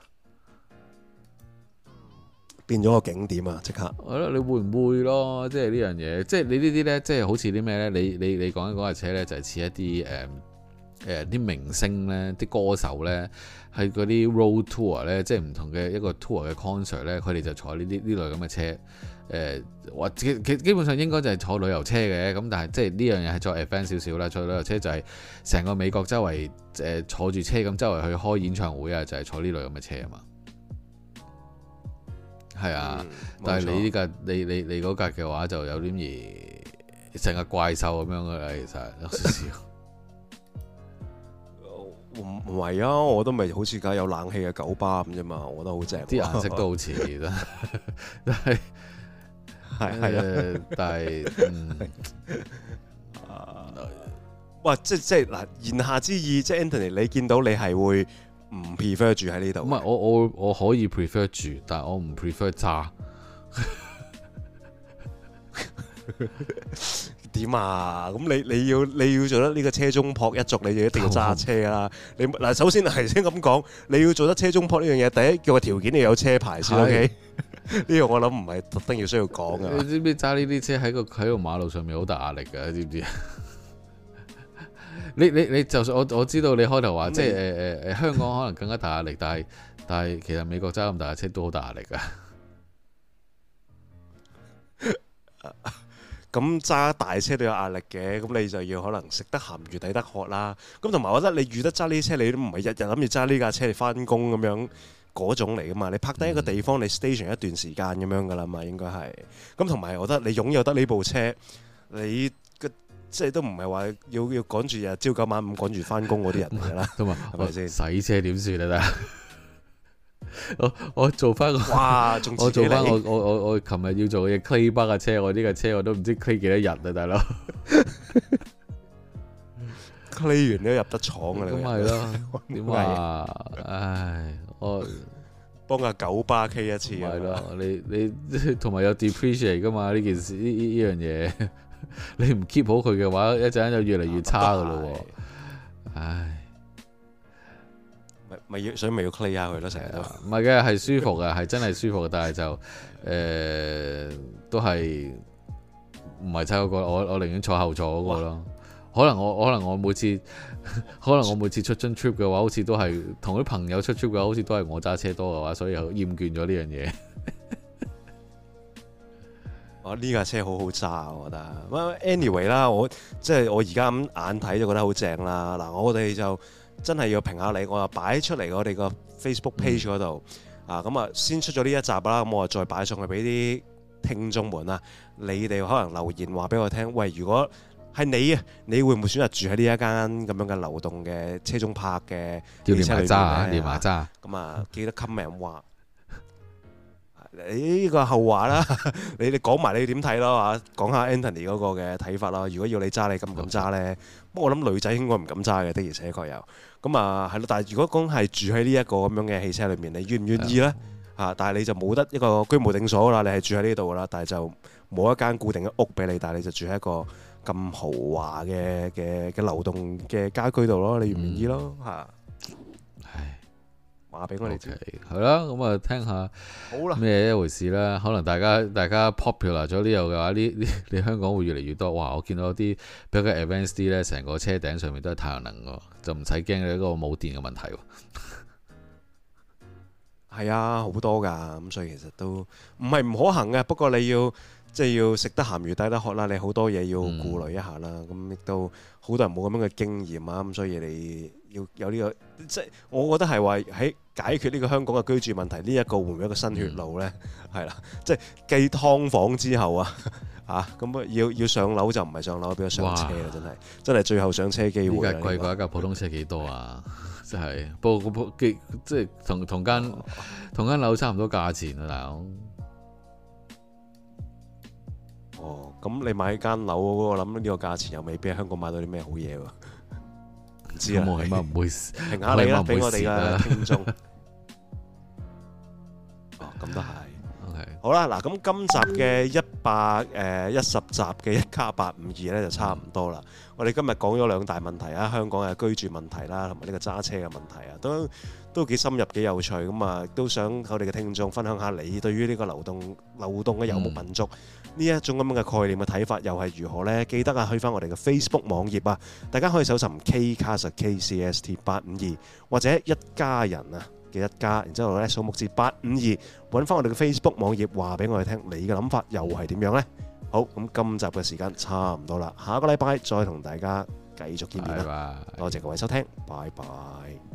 S2: 變咗個景點啊！即刻。我覺得你會唔會咯？即係呢樣嘢，即係你呢啲咧，即係好似啲咩咧？你你你講緊嗰架車咧，就係似一啲誒。誒啲、呃、明星咧，啲歌手咧，喺嗰啲 road tour 咧，即係唔同嘅一個 tour 嘅 concert 咧，佢哋就坐呢啲呢類咁嘅車。誒、呃，或其，其基本上應該就係坐旅遊車嘅，咁但係即係呢樣嘢係再 air fan 少少啦，坐旅遊車就係成個美國周圍誒、呃、坐住車咁周圍去開演唱會啊，就係、是、坐呢類咁嘅車啊嘛。係啊，嗯、但係你呢架你你你嗰架嘅話，就有點而成個怪獸咁樣噶啦，其實有少少。 (laughs)
S1: 唔唔係啊，我都咪好似架有冷氣嘅九巴咁啫嘛，我覺得好正，啲顏色都好似， (laughs) 但係
S2: 係係，但係，
S1: 哇！即即係嗱，言下之意，即係 (laughs) Anthony，你見到你係會唔 prefer 住喺呢度？唔係，我我我可以 prefer 住，但係我唔 prefer 揸。 (laughs) (laughs) 點啊？咁你你要你要做得呢個車中泊一族，你就一定要揸車啦。嗯、你嗱，首先提先咁講，你要做得車中泊呢樣嘢，第一叫個條件你有車牌先。O K，
S2: 呢個我諗唔係特登要需要講噶。你知唔知揸呢啲車喺個喺個馬路上面好大壓力噶？知唔知 (laughs) 你？你你你，就算我我知道你開頭話，即係誒誒誒，香港可能更加大壓力， (laughs) 但係但係，其實美國揸咁大嘅車都好大壓力噶。 (laughs)
S1: 咁揸大車都有壓力嘅，咁你就要可能食得鹹魚抵得渴啦。咁同埋我覺得你預得揸呢啲車，你都唔係日日諗住揸呢架車嚟翻工咁樣嗰種嚟噶嘛？你泊低一個地方，嗯、你 station 一段時間咁樣噶啦嘛，應該係。咁同埋我覺得你擁有得呢部車，你即係都唔係話要要趕住日朝九晚五趕住翻
S2: 工嗰啲人嚟啦，係咪先？洗車點算得？我我做翻個哇我做我，我做翻我我我我琴日要做嘅 Clay Bar 嘅車，我呢個車我都唔知 Clay 幾多日啊，大佬！Clay (laughs) 完你都入得廠啊，咁係啦，點啊？唉、 (laughs) 哎，我幫阿九巴 K 一次啊，係咯嗎，你你同埋有，有 depreciate 噶嘛？呢件事呢呢樣嘢， (laughs) 你唔 keep 好佢嘅話，一陣就越嚟越差噶咯，唉、啊。啊啊咪要，所以咪要 clean 下佢咯，成日都唔係嘅，係舒服嘅，係真係舒服嘅，但係就誒、呃、都係唔係差、嗰個、我個我我寧願坐後座嗰、嗰個咯哇可能我可能我每次可能我每次出張 trip 嘅話好似都係同啲朋友出 trip 嘅話好似都係我揸車多嘅話，所以又厭倦咗呢樣嘢，我呢架車好好揸、
S1: 啊、我覺得、嗯、Anyway 啦，我即係我而家咁眼睇就覺得好正啦，嗱我哋就。真係要評下你，我啊擺出嚟我哋個 Facebook page 嗰度、嗯、啊，咁啊先出咗呢一集啦，咁我啊再擺上去俾啲聽眾們啦，你哋可能留言話俾我聽，喂，如果係你啊，你會唔會選擇住喺呢一間咁樣嘅流動嘅車中泊嘅？叫連揸、啊，渣啊，連華渣。咁啊，記得 comment 話，啊。你呢個後話啦， (laughs) 你你講埋你點睇咯嚇，講下 Anthony 嗰個嘅睇法啦。如果要你揸，你敢唔敢揸呢？哦、不過我諗女仔應該唔敢揸嘅，的而且確有。咁啊，係咯。但係如果講係住喺呢一個咁樣嘅汽車裏面，你願唔願意呢？嚇、嗯！但係你就冇得一個居無定所啦。你係住喺呢度噶啦，但係就冇一間固定嘅屋俾你。但係你就住喺一個咁豪華嘅嘅嘅流動嘅家居度咯。你願唔願意咯？嚇、嗯。唉話俾我哋知，
S2: 係啦，咁啊，聽下咩了一回事啦。可能大家大家 popular 咗呢度嘅話，呢呢你香港會越嚟越多。哇！我見到啲比較嘅 advanced 啲咧，成個車頂上面都係太陽能，就唔使驚嘅一個冇電嘅問題。係 (laughs) 啊，好
S1: 多噶，咁所以其實都唔係唔可行嘅。不過你要即係、就是、要食得鹹魚，抵得渴啦。你好多嘢要顧慮一下啦。咁亦、嗯、都好多人冇咁樣嘅經驗啊。咁所以你要有呢、這個，即係我覺得係話喺。解決呢個香港嘅居住問題，呢一個會唔會一個新血路咧？係啦，即係繼劏房之後啊，啊咁啊要要上樓就唔係上樓，變咗上車啊！真係真係最後上車機會。依家貴過一架普通車
S2: 幾多啊？真係，不過即係同同間同間樓差唔多價錢啊，大佬。哦，咁
S1: 你買間樓我諗呢個價錢又未必喺香港買到啲咩好嘢喎？
S2: 唔知啊，起碼唔會。停下你啦，俾我哋嘅聽眾。咁都係，
S1: 好啦，嗱，咁今集嘅一百誒一十集嘅一家八五二咧就差唔多啦。我哋今日講咗兩大問題啊，香港嘅居住問題啦，同埋呢個揸車嘅問題啊，都都幾深入幾有趣。咁啊，都想我哋嘅聽眾分享下你對於呢個流動流動嘅遊牧民族呢一種咁嘅概念嘅睇法又係如何呢？記得啊，去返我哋嘅 Facebook 網頁啊，大家可以搜尋 KCast KCST 八五二或者一家人啊。嘅一家，然之後咧數目字八五二，揾翻我哋嘅 Facebook 網頁話俾我哋聽，你嘅諗法又係點樣呢？好，咁今集嘅時間差唔多啦，下個禮拜再同大家繼續見面啦。多謝各位收聽，拜拜。